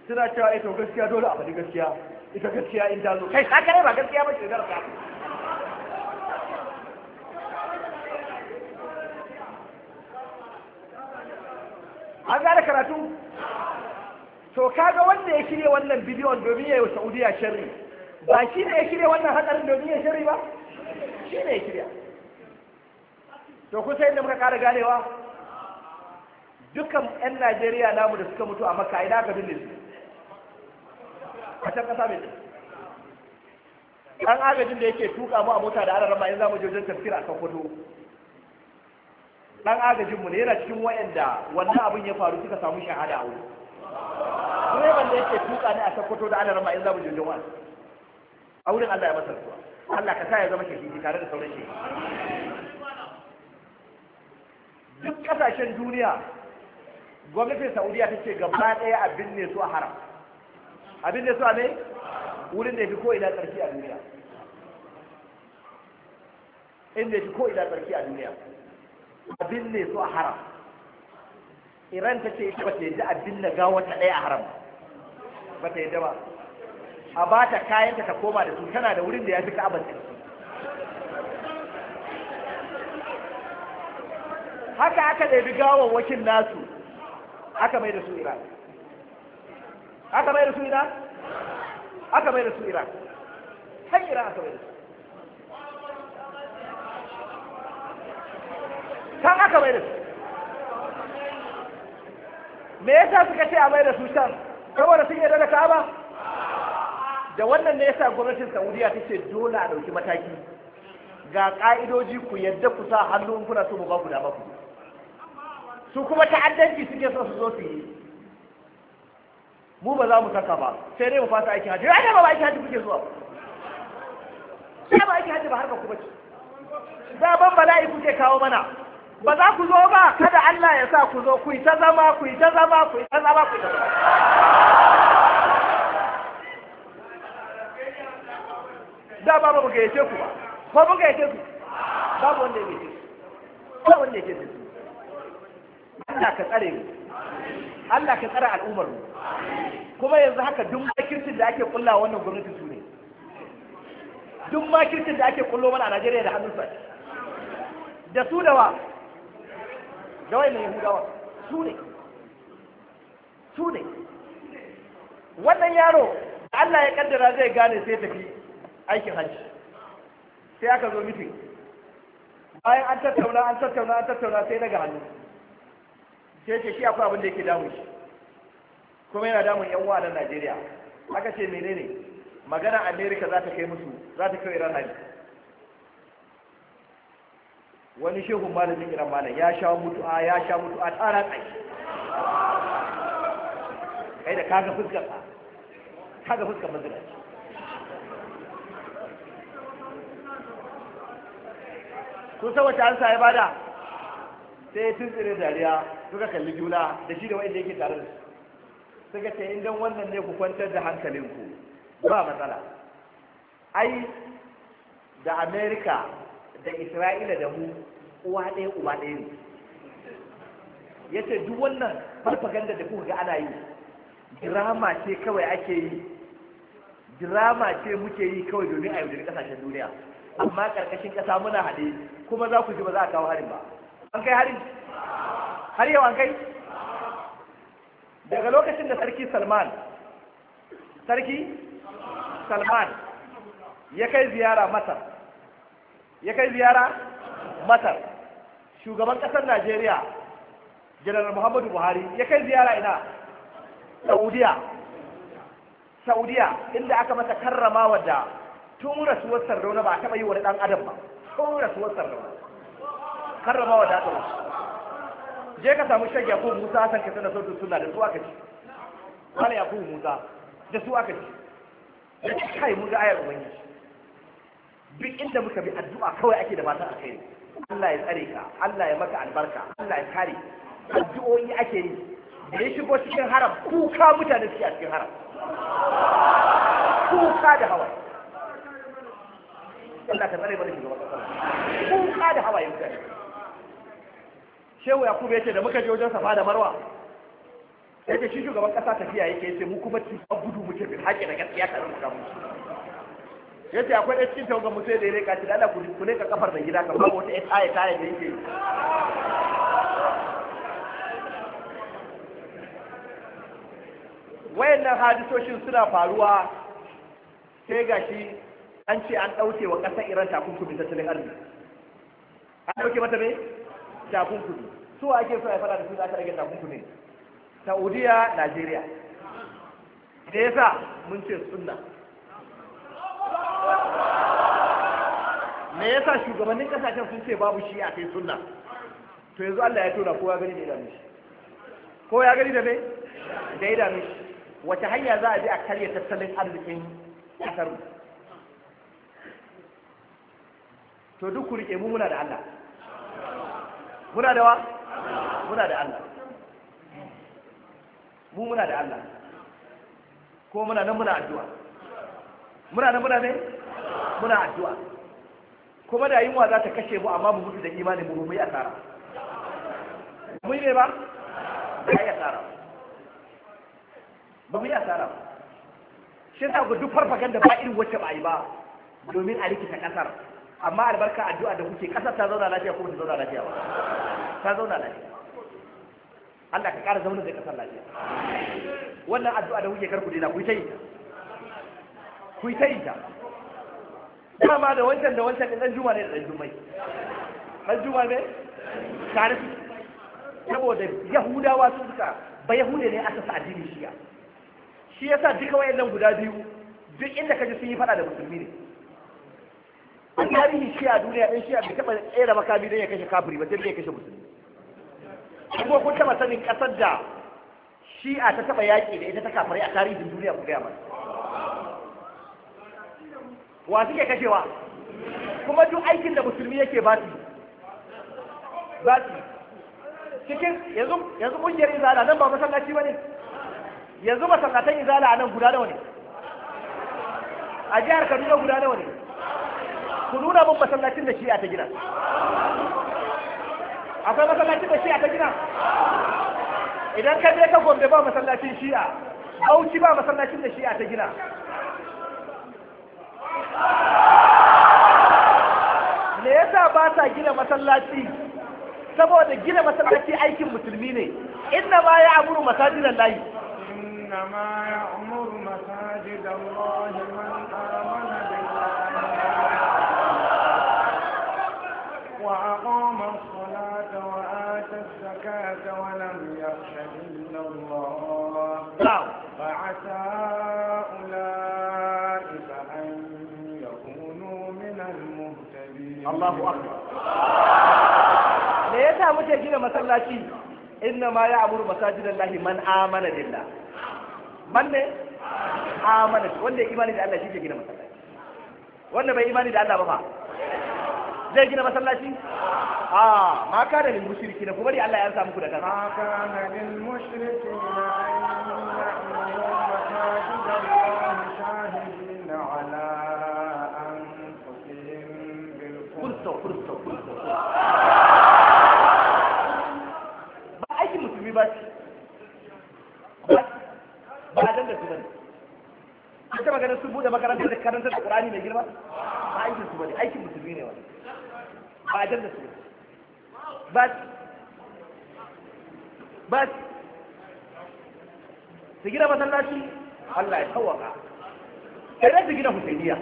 suna cewa ita eh, gaskiya dole a faɗi gaskiya ita gaskiya in ta zo kai ka kare ba gaskiya ba ce yaudarar ta an gane karatu to kaga wanda ya shirya wannan bidiyon domin ya yi wa saudiya sharri ba shi ne ya shirya wannan hatsarin domin ya shiri ba shi ne ya shirya to kusa yadda muka kara ganewa dukkan 'yan najeriya namu da suka mutu a maka ina ga dindin a can kasa mai ɗan agajin da yake tuka mu a mota da ararama yin mu jojin tafsir a kan kwato ɗan agajinmu ne yana cikin wa'anda wannan abin ya faru suka samu shahada a wuri direban da yake tuka ne a sakwato da ana rama in za mu jojo wani auren Allah ya masa rasuwa Allah ka sa ya zama shahidi tare da sauran shahidi duk kasashen duniya gwamnatin saudiya ta ce gaba ɗaya abin ne su a haram abin ne su a ne wurin da ya fi ko ina tsarki a duniya inda ya fi ko ina tsarki a duniya abin ne su a haram iran ta ce ita ba ta yadda abin binne gawa ta ɗaya a haram ba ta yadda ba a ba ta kayan ta koma da su tana da wurin da ya fi ka'abar tsarki haka aka ɗabi wakin nasu aka mai da su iran aka mai da su iran aka mai da su iran har iran aka mai da su can aka mai da su me yasa suka ce a mai da su can saboda sun yi da ka'aba da wannan ne yasa gwamnatin saudiya ta ce dole a ɗauki mataki ga ƙa'idoji ku yadda ku sa hannu kuna so ba ku da ku su kuma ta'addanci suke so su zo su yi mu ba za mu saka ba sai dai mu fasa aiki hajji ai ba aiki hajji kuke zuwa sai ba aiki hajji ba har ba ku bace da ban bala'i kuke kawo mana ba za ku zo ba kada Allah ya sa ku zo ku yi ta zama ku yi ta zama ku yi ta zama ku yi ta zama da ba mu gayyace ku ba ba mu gayyace ku babu wanda ya gayyace ba wanda ya gayyace Allah ka tsare mu Allah ka tsare al'ummar mu kuma yanzu haka duk makircin da ake kullawa wannan gwamnati su ne duk makircin da ake kullo mana a Najeriya da hannun sa da su da wa da wai mai Yahudawa su ne su ne wannan yaro Allah ya kaddara zai gane sai tafi aikin hajji sai aka zo mitin bayan an tattauna an tattauna an tattauna sai daga hannu sai ce shi akwai abin da yake damun shi kuma yana damun yan uwa nan Najeriya aka ce menene magana America za ta kai musu za ta kai Iran hajji wani shehu malamin Iran malam ya sha mutu'a ya sha mutu'a tsara tsaye kai da kaga fuskar ka kaga fuskar mazinaci to sai wacce ansa ya bada sai tun tsire dariya suka kalli juna da shi da wanda yake tare da su ga ce in wannan ne ku kwantar da hankalinku ba matsala ai da amerika da isra'ila da mu uwa ɗaya uwa ɗaya ne ya ce duk wannan farfaganda da kuka ga ana yi girama ce kawai ake yi girama ce muke yi kawai domin a yaudari ƙasashen duniya amma karkashin kasa muna haɗe kuma za ku ji ba za a kawo harin ba an kai harin har yau an kai daga lokacin da sarki salman sarki salman ya kai ziyara masar ya kai ziyara masar shugaban ƙasar najeriya janar muhammadu buhari ya kai ziyara ina saudiya saudiya inda aka masa karrama wadda tun rasuwar sardauna ba a taɓa yi wani ɗan adam ba tun rasuwar sardauna karrama wa daɗa wasu je ka samu shan yakubu musa san ka sana sautin suna da su aka ci wala yakubu musa da su aka ci da ci kai mun ga ayar ubangiji duk inda muka bi addu'a kawai ake da mata a kai Allah ya tsare ka Allah ya maka albarka Allah ya kare addu'o'i ake yi da ya shigo cikin haram kuka mutane suke a cikin haram kuka da hawaye Allah ka tsare mana shugaban kasa kun kada da hawaye mutane shehu yakubu yace da muka je wajen safa da marwa yace shi shugaban kasa tafiya yake yace mu kuma ci gudu muke bin haƙƙi da gaskiya ka mu mu yace akwai ɗan cikin tawagan mutum da ya reka ci da ala ku leka ka kafar da gida ka babu wata ƴan aya tare da yake wayannan hadisoshin suna faruwa sai gashi an ce an ɗauke wa ƙasar iran takunkumi tattalin arziki an ɗauke mata me takunkumi su ake so a fara da su za ta rage takunkumi saudiya najeriya da yasa mun ce sunna me yasa shugabannin kasashen sun ce babu shi a kai sunna to yanzu Allah ya ko ya gani da idanu shi ko ya gani da me da idanu shi wace hanya za a bi a karya tattalin arzikin kasar mu to duk ku rike mu muna da Allah muna da wa muna da Allah mu muna da Allah ko muna nan muna addu'a muna nan muna ne muna addu'a kuma da yunwa za ta kashe mu amma mu mutu da imanin mu mu yi asara mu yi ne ba ba yi asara ba mu yi asara shi ta ga duk farfaganda ba irin wacce ba yi ba domin a rikita kasar amma albarka addu'a da kuke kasar ta zauna lafiya ko ta zauna lafiya ba ta zauna lafiya Allah ka ƙara zauna da kasar lafiya wannan addu'a da kuke karku dina ku yi ta yi ta ku yi ta yi ta kuma ma da wancan da wancan ɗan juma ne da ɗan jumai ɗan juma ne tare su saboda yahudawa su suka ba yahude ne aka sa addini shiya shi yasa duka wayannan guda biyu duk inda kaji sun yi fada da musulmi ne a tarihi shi duniya ɗan shi a bai taɓa tsere makami don ya kashe kafiri ba sai ya kashe musulmi kuma kun taɓa sanin ƙasar da shi'a ta taɓa yaƙi da ita ta kafari a tarihin duniya ku gaya mana wa suke kashewa kuma duk aikin da musulmi yake ba su ba su cikin yanzu yanzu ƙungiyar izala nan ba masallaci ba ne yanzu masallatan izala a nan guda nawa ne a jihar kaduna guda nawa ne ku nuna mun masallacin da shi'a ta gina akwai masallacin da shi'a ta gina idan ka je ka gombe ba masallacin shi'a bauchi ba masallacin da shi'a ta gina me yasa ba ta gina masallaci saboda gina masallaci aikin musulmi ne inna ma ya amuru masajidan lahi inna ma ya amuru masajidan lahi Allahu akbar me yasa muke gina masallaci inna ma ya amuru lahi man amana billah man ne amana wanda ya imani da Allah shi ke gina masallaci wanda bai imani da Allah ba fa zai gina masallaci a ah, ma kana lil mushrikin kuma kubari Allah ya ansa muku da kansa ma kana lil mushrikin an ya'muru masajidallah shahidina ala ba aiki musulmi ba ce ba dan da su bane an taɓa ganin sun buɗe makarantar da karanta da ƙur'ani mai girma ba aiki su ne, aiki musulmi ne wani ba dan da su ba ba su gina masallaci Allah ya tawaka sai da su gina husainiya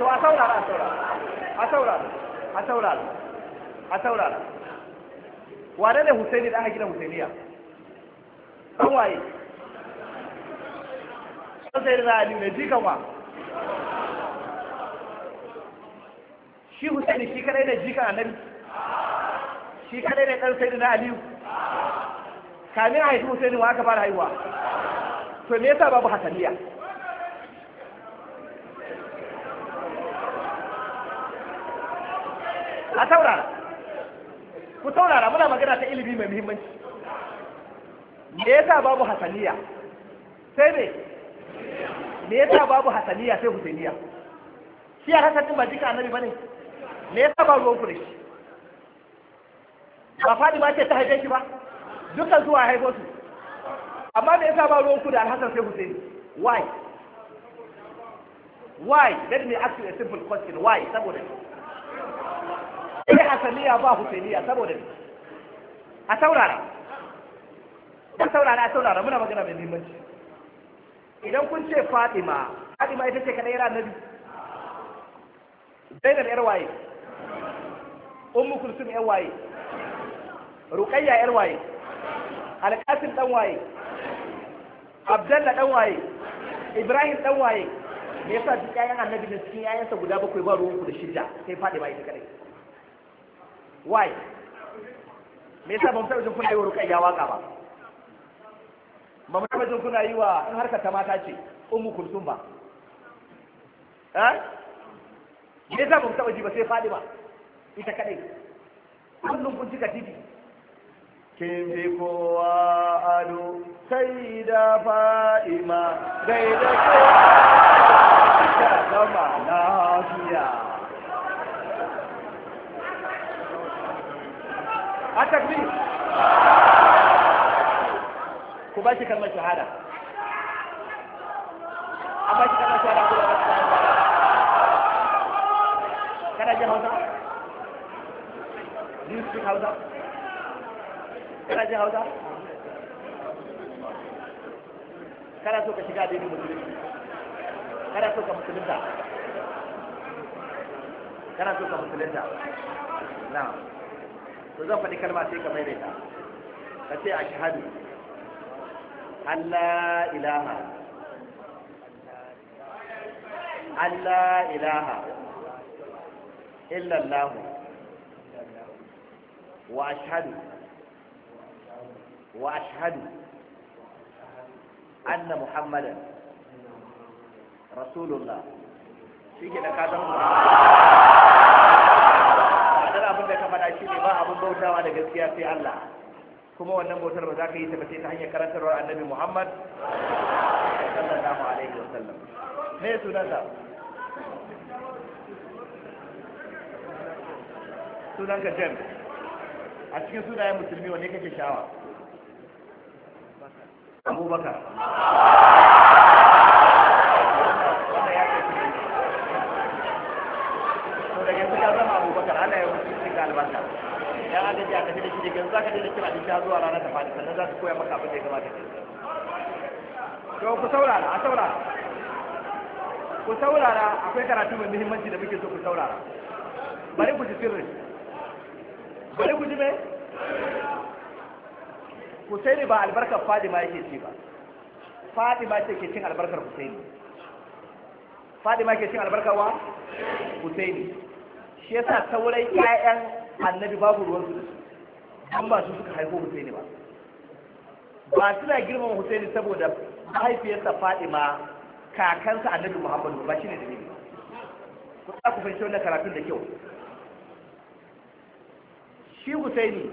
to a saurara a saurara a saurara a saurara wane ne husaini da aka gina husainiya An waye ɗan sai da aliyu ne jikan wa shi husaini shi kadai da jikan annabi shi kadai da ɗan sai da aliyu kamin a haifi husaini wa aka fara haihuwa to me yasa babu hasaniya a taurara ku taurara muna magana ta ilimi mai muhimmanci me yasa babu hasaniya sai ne me yasa babu hasaniya sai husainiya shi a hasan din ba jika annabi bane me yasa ba ruwan kure shi ba fadi ma ce ta haife shi ba dukkan zuwa haifo su amma me yasa ba ruwan kure da alhassan sai husaini why why let me ask you a simple question why saboda sai hasaniya ba husaniya saboda ne a saurara a saurara a saurara muna magana mai muhimmanci idan kun ce fatima fatima ita ce kadai yana nabi zainab yar waye ummu kulsum yar waye ruqayya yar waye alqasim dan waye abdalla dan waye ibrahim dan waye me yasa duk yayan annabi da cikin yayansa guda bakwai ba ku da shida sai fatima ita kadai why me yasa ba mu taɓa jin kuna yi wa rukayya waka ba ba mu taɓa jin kuna yi wa in harka ta mata ce ummu kulsum ba eh me yasa ba mu taɓa ji ba sai fadima ita kadai kullum kun cika titi kin fi kowa ado sai da fa'ima dai da kowa ta zama lafiya a ba shi kalmar shi kana hausa hausa kana jin hausa kana so ka shiga addinin kana so ka musulunta kana so ka musulunta na'am to zan faɗi kalma sai ka maimaita ka ce a shahadu Allah ilaha Allah ilaha illallahu wa ashhadu wa ashhadu anna muhammadan rasulullah shi ke da ka zama shi ne ba abin bautawa da gaskiya sai Allah kuma wannan bautar ba za ka yi ta bace ta hanyar karantarwar annabi Muhammad sallallahu alaihi wa sallam me sunanka ka Jem a cikin sunayen musulmi wanne kake shawa Abubakar albarka dan aka ji aka ji da shi daga za ka dinga kira din ta zuwa ranar ta fadi sannan za su koya maka abin da ya kamata ka to ku saurara a saurara ku saurara akwai karatu mai muhimmanci da muke so ku saurara bari ku ji sirri bari ku ji me Husaini ba albarkar Fadima yake ci ba Fadima ce ke cin albarkar Husaini Fadima ke cin albarkar wa Husaini shi yasa saurai ƴaƴan annabi babu ruwan su an ba su suka haifo husaini ba ba suna girman husaini saboda mahaifiyarsa fadima kakansa annabi muhammadu ba shi ne da ne ku za ku fahimci wannan karatun da kyau shi husaini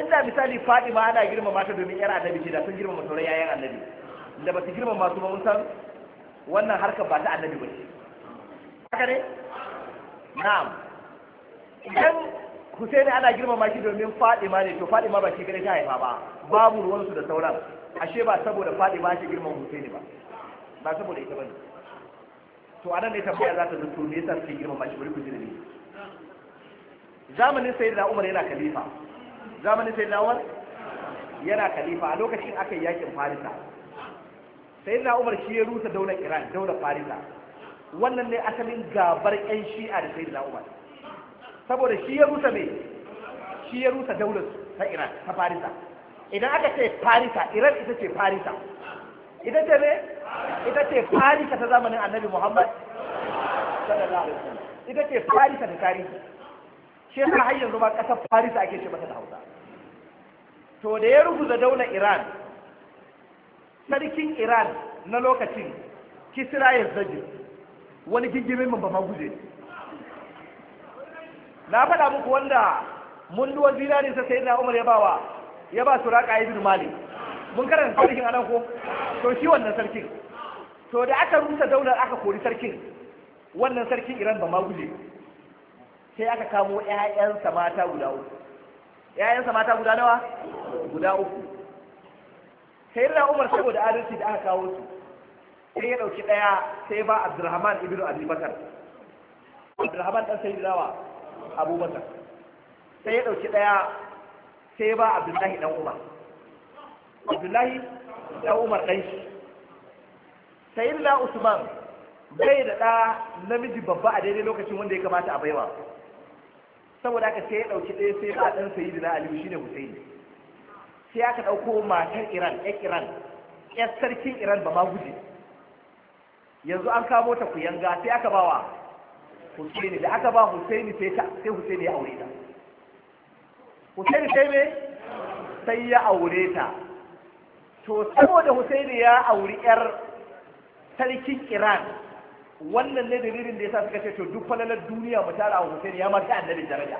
inda misali fadima ana girma mata domin yar annabi ce da sun girmama masoran yayan annabi da ba su girmama masu ba mun san wannan harkar ba ta annabi ba ce haka ne na'am idan Hussein ana girmama shi domin Fadima ne to Fadima ba shi gare ta haifa ba babu ruwansu da sauran ashe ba saboda Fadima shi girman Hussein ba ba saboda ita bane to anan ne tambaya za ta zuto ne, sai ta girmama shi bari ku ji ne? ni zamanin sayyidina Umar yana khalifa zamanin sayyidina Umar yana khalifa a lokacin aka yi yakin Farisa sayyidina Umar shi ya rusa daular Iran daular Farisa wannan ne asalin gabar ƴan Shi'a da sayyidina Umar saboda shi ya rusa mai shi ya rusa daular ta iran ta farisa idan aka ce farisa iran ita ce farisa ita ce ne ita ce farisa ta zamanin annabi muhammad ita ce farisa ta tarihi shi yasa har yanzu ba kasar farisa ake ce mata da hausa to da ya da daular iran sarkin iran na lokacin kisra ya zaje wani gingimin mun ma guje ne na faɗa muku wanda mun duwan zinari sai sai na umar ya bawa ya ba su raƙa ibn malik mun karanta sarkin anan ko to shi wannan sarkin to da aka rusa daular aka kori sarkin wannan sarkin iran ba ma guje sai aka kamo ƴaƴansa mata guda uku ƴaƴansa mata guda nawa guda uku sai na umar saboda adalci da aka kawo su sai ya ɗauki ɗaya sai ba abdulrahman ibn abi bakar abdulrahman ɗan sayyidina wa abubakar sai ya ɗauki ɗaya sai ba abdullahi ɗan umar abdullahi ɗan umar ɗan shi sayyidina usman bai da ɗa namiji babba a daidai lokacin wanda ya kamata a baiwa saboda haka sai ya ɗauki ɗaya sai ba ɗan sayyidina shi ne hussein sai aka ɗauko matar iran ƴan iran ƴan sarkin iran ba ma guje yanzu an kamo ta kuyanga sai aka bawa Husaini da aka ba Husaini sai ta sai Husaini ya aure ta Husaini sai me sai ya aure ta to saboda Husaini ya auri yar sarkin Iran wannan ne dalilin da yasa suka ce to duk falalar duniya mu tara wa Husaini ya mata annabi daraja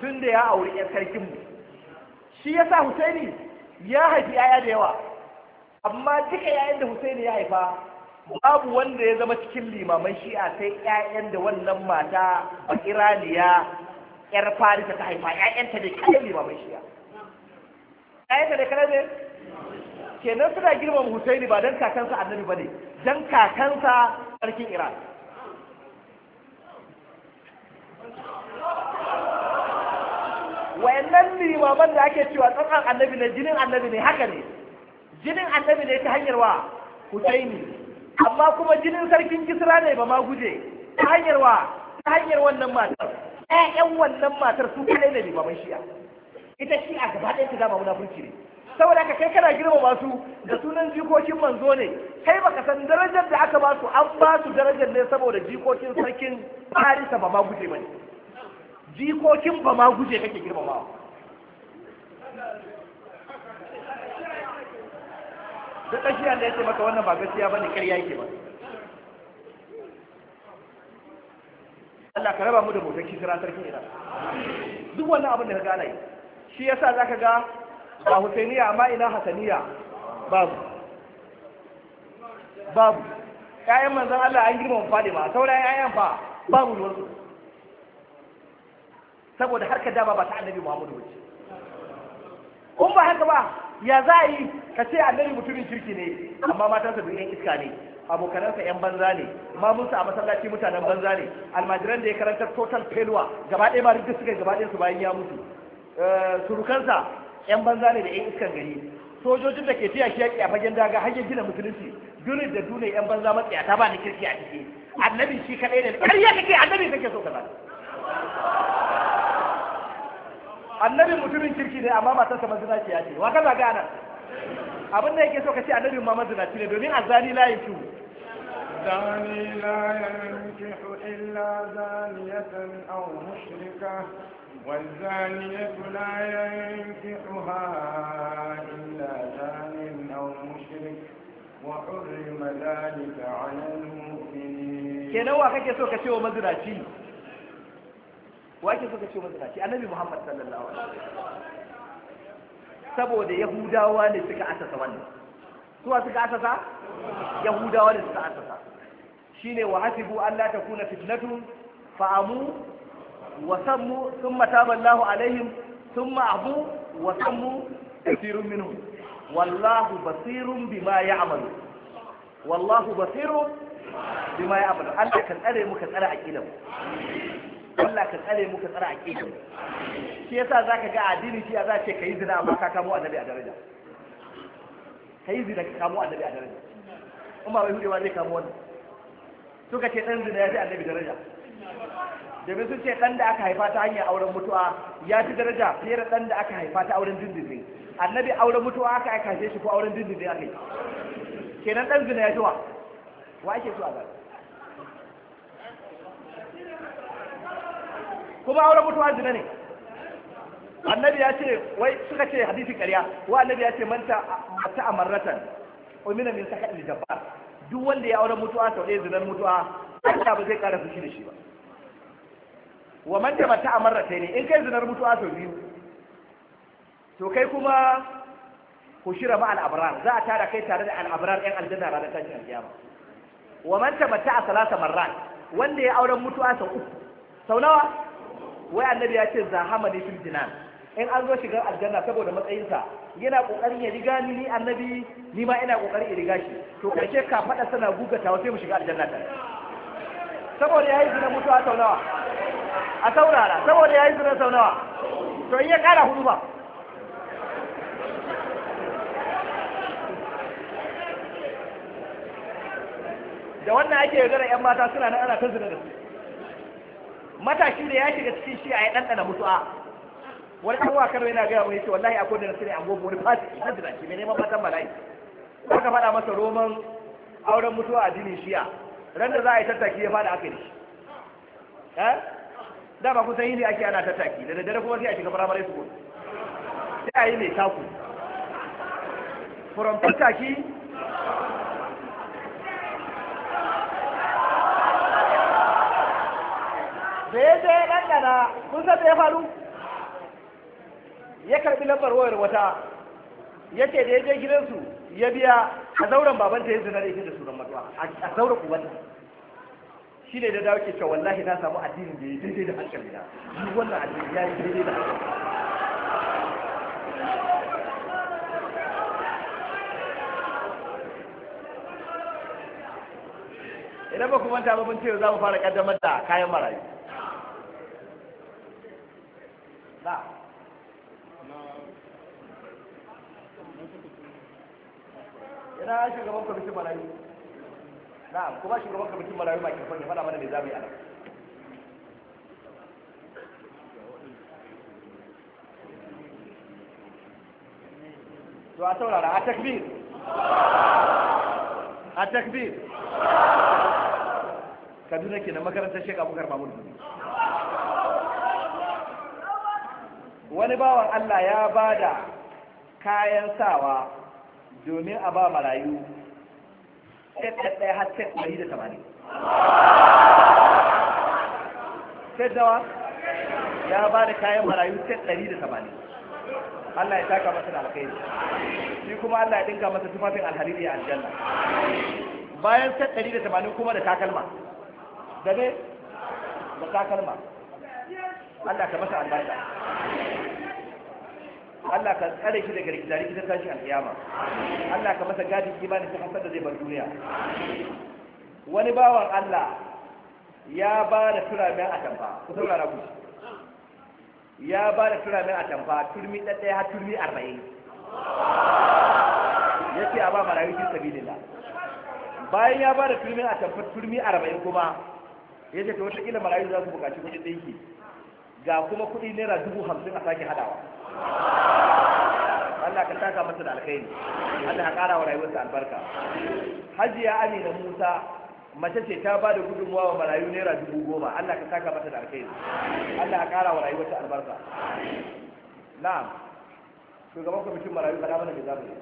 tun da ya auri yar sarkin mu shi yasa Husaini ya haifi yaya da yawa amma duka yayin da Husaini ya haifa babu wanda ya zama cikin limaman shi'a sai ƴaƴan da wannan mata a iraniya ƴar farisa ta haifa ƴaƴanta da kayan limaman shi'a ƴaƴanta da kayan ne kenan suna girmama husaini ba don kakansa annabi ba ne don kakansa sarkin iran wayannan limaman da ake cewa tsakan annabi ne jinin annabi ne haka ne jinin annabi ne ta hanyar wa husaini amma kuma jinin sarkin kisra ne ba ma guje ta hanyar wa ta hanyar wannan matar ƴaƴan wannan matar su kai ne mai shi'a ita shi a gaba ɗayan ta dama munafurci ne saboda ka kai kana girmama su da sunan jikokin manzo ne kai baka san darajar da aka ba su an ba su darajar ne saboda jikokin sarkin farisa ba ma guje ba ne jikokin ba ma guje kake girmamawa duk ƙashiyan da ya ce maka wannan ba gaskiya ba ne ƙarya yake ba Allah ka raba mu da motar kisira sarkin ina duk wannan abin da ka gane. Shi shi yasa za ka ga ba husainiya amma ina hasaniya babu babu ƴaƴan manzon Allah an girma fadi ba sauran ƴaƴan fa babu ruwansu saboda harkar dama ba ta annabi Muhammadu ba. kun ba haka ba ya za a yi ka ce annabi mutumin kirki ne amma matansa duk yan iska ne abokanansa yan banza ne mamunsa a masallaci mutanen banza ne almajiran da ya karanta total failure gaba ɗaya ma suka gaba ɗaya su bayan ya mutu eh, surukansa yan banza ne da yan iskan gari sojojin da ke tiya shi yaƙi a fagen daga hanyar gina musulunci dunin da dunai yan banza matsaya ta ba da kirki a ciki annabi shi kaɗai ne ƙarya kake annabi kake so ka ba annabi mutumin kirki ne amma matarsa mazinaci ya ce wa kaza nan abin da yake so ka ce annabi ma mazinaci ne domin azani la yanki zani la yanki illa zaniyatan aw mushrika والزانية لا kenan wa kake so ka wa wake suka ce shi? annabi muhammad sallallahu alaihi saboda yahudawa ne suka asasa wannan suwa suka asasa yahudawa ne suka asasa shine wa hasibu an la takuna fitnatun fa'amu wa sammu thumma taba Allahu alaihim thumma abu wa sammu kathirun minhum wallahu basirun bima ya'malu wallahu basirun bima ya'malu Allah kan tsare mu ka tsare aqidan mu Allah ka tsare muka tsara a kishin shi yasa ka ga addini shi ya za ce ka yi zina amma ka kamo annabi a daraja Ka yi zina ka kamo annabi a daraja Umar bai hudewa zai kamo wani. su ka ce dan zina ya fi annabi daraja domin sun ce dan da aka haifa ta hanyar auren mutuwa ya fi daraja fiye da dan da aka haifa ta auren dindindin annabi auren mutuwa aka aka shi ko auren dindindin aka yi kenan dan zina ya fi wa wa ake so a gaba kuma auren mutuwa zina ne annabi ya ce wai suka ce hadisi ƙarya wa annabi ya ce manta mata amarratan umina min saka al jabbar duk wanda ya auren mutuwa sau ɗaya zinar mutuwa Allah ba zai ƙara fushi da shi ba wa man da mata amarratan ne in kai zinar mutuwa sau biyu to kai kuma ku shira ma al za a tara kai tare da al-abrar ɗan aljanna ranar tashin alkiyama wa man tamatta a salasa marran. wanda ya auren mutuwa sau uku sau nawa wai annabi ya ce zahama ne fil jinan in an zo shigar aljanna saboda matsayinsa yana kokarin ya riga ni ni annabi ni ma ina kokarin ya riga shi to karshe ka fada sana gugatawa sai mu shiga aljanna ta saboda yayi zina mutuwa a saunawa a saurara saboda yayi zina saunawa to in ya kara hudu ba da wannan ake yaudara 'yan mata suna na ana ta zina da su matashi da ya shiga cikin shi a ya ɗanɗana a wani ɗan wa kano yana gaya mai ce wallahi akwai da nasiri an gobe wani fasi na zira shi mai neman matan bala'i aka faɗa masa roman auren mutuwa a jini shiya ran da za a yi tattaki ya faɗa aka yi shi eh? dama kusan yi ne ake ana tattaki da daddare kuma sai a shiga firamare su sai a yi mai taku from tattaki sai ya je ya ɗanɗana kun san da ya faru ya karbi lambar wayar wata ya ce da ya je gidansu ya biya a zauren baban ta ya zina da ita da sunan matuwa a zauren kubanta shi ne da dawo ke cewa wallahi na samu addinin da ya daidai da hankali na yi wannan addini ya yi daidai da hankali idan ba ku manta ba mun ce za mu fara kaddamar da kayan marayu na ina shugaban kwamitin marayu na kuma shugaban kwamitin marayu ma kirfan ya fada mana da zamu yi ana to a saurara a takbir a takbir kaduna ke na makarantar shekaru karfa mutum wani bawan Allah ya bada kayan sawa domin a ba marayu ɗaya har set ɗari da tamanin set dawa ya ba da kayan marayu set ɗari da tamanin Allah ya taka masa da alkhairi shi kuma Allah ya dinka masa tufafin alhariri a aljanna bayan set ɗari da tamanin kuma da takalma da ne da takalma Allah ka masa albarka Allah ka tsare shi daga rikidari kitan tashi alkiyama Allah ka masa gadi kimanin ta hasar da zai bar duniya wani bawan Allah ya ba da turamin atamfa ku saurara ku ya ba da turamin atamfa turmi ɗaya har turmi arba'in ya ce a ba marayu fi sabilillah bayan ya ba da turmin atamfa turmi arba'in kuma ya ce ta wata marayu za su buƙaci kuɗin ɗinki ga kuma kuɗi naira dubu hamsin a sake haɗawa Allah ka taka masa da alkhairi Allah ka kara wa rayuwarsa albarka hajiya amina musa mace ce ta ba da gudunmuwa wa marayu naira dubu goma Allah ka saka mata da alkhairi Allah ka kara wa rayuwarsa albarka na'am shugaban kwamitin marayu faɗa mana da zamu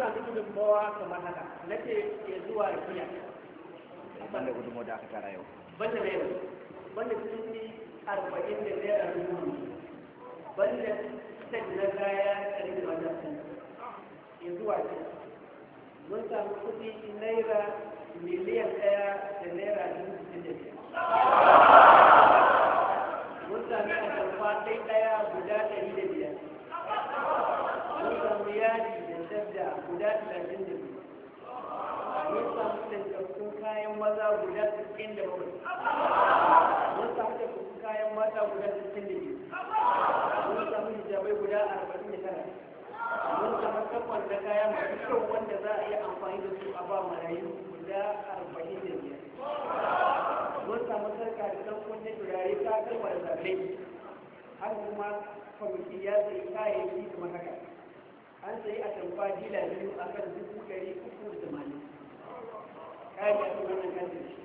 da kowa kamar haka na ce ya zuwa rafiya banda gudunmawa da aka tara yau banda na yau da cikin arba'in da zai a rubu banda stage na kaya ɗari da wajen sun ke zuwa ce mun samu kudi naira miliyan ɗaya da naira dubu sittin da mun sami a ɗaya guda ɗari da biyar mun samu yadi da guda talatin da biyu mun samu lantarkun kayan maza guda sittin da bakwai mun samu lantarkun kayan mata guda sittin da biyu mun samu hijabai guda arba'in da tara mun samu takwas da kaya masu kyau wanda za a iya amfani da su a ba marayu guda arba'in da biyar mun samu sarka da ɗan kunne turare takalma da zabe. har kuma kwamiti ya sayi kayayyaki da haka an sayi a tamfa dila biyu a kan dubu ɗari uku da tamanin kayan da aka wannan kan shi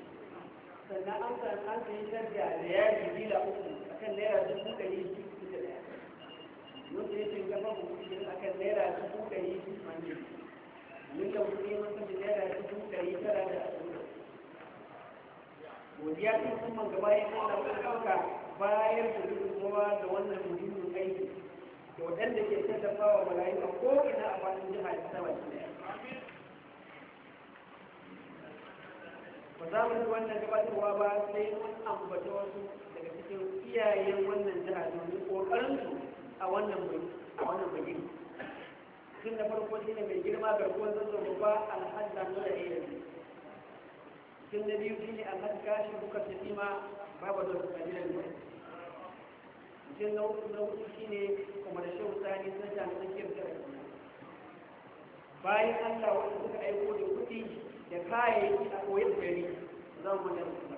sannan an san an sayi tarja da yaji dila uku a kan naira dubu ɗari biyu da ɗaya mun sayi shinkafa kuɗi a kan naira dubu ɗari biyu da ɗaya mun da kuɗi mun sayi naira dubu ɗari tara da ashirin godiya ta musamman gaba ya kan da ɗauka bayar da gudunmawa da wannan muhimmin aiki da waɗanda ke tallafa wa mala'ika ko ina a faɗin jiha ta sama ɗaya ba za mu wannan gabatarwa ba sai mun ambata wasu daga cikin iyayen wannan jiha domin ƙoƙarinsu a wannan bagiri tun da farko shi ne mai girma garkuwar zanzan babba alhadda nuna iya tun da biyu shi ne alhadda shi kuka tafi ma babu da su kajiran yau cikin nau'in shi ne kuma da shehu sani na jami'an kirkar bayan allah wanda suka aiko da kuɗi da kayayyaki a koyar gari zan da kuma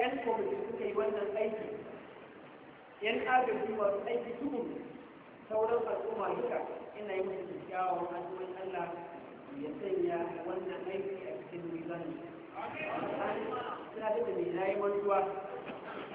yan kwamitin suka yi wannan aiki yan agaji masu aiki tukun sauran al'umma duka ina yi musu kyakkyawan addu'ar allah ya sanya wannan aiki a cikin mizanin. Ina da mai na yi mantuwa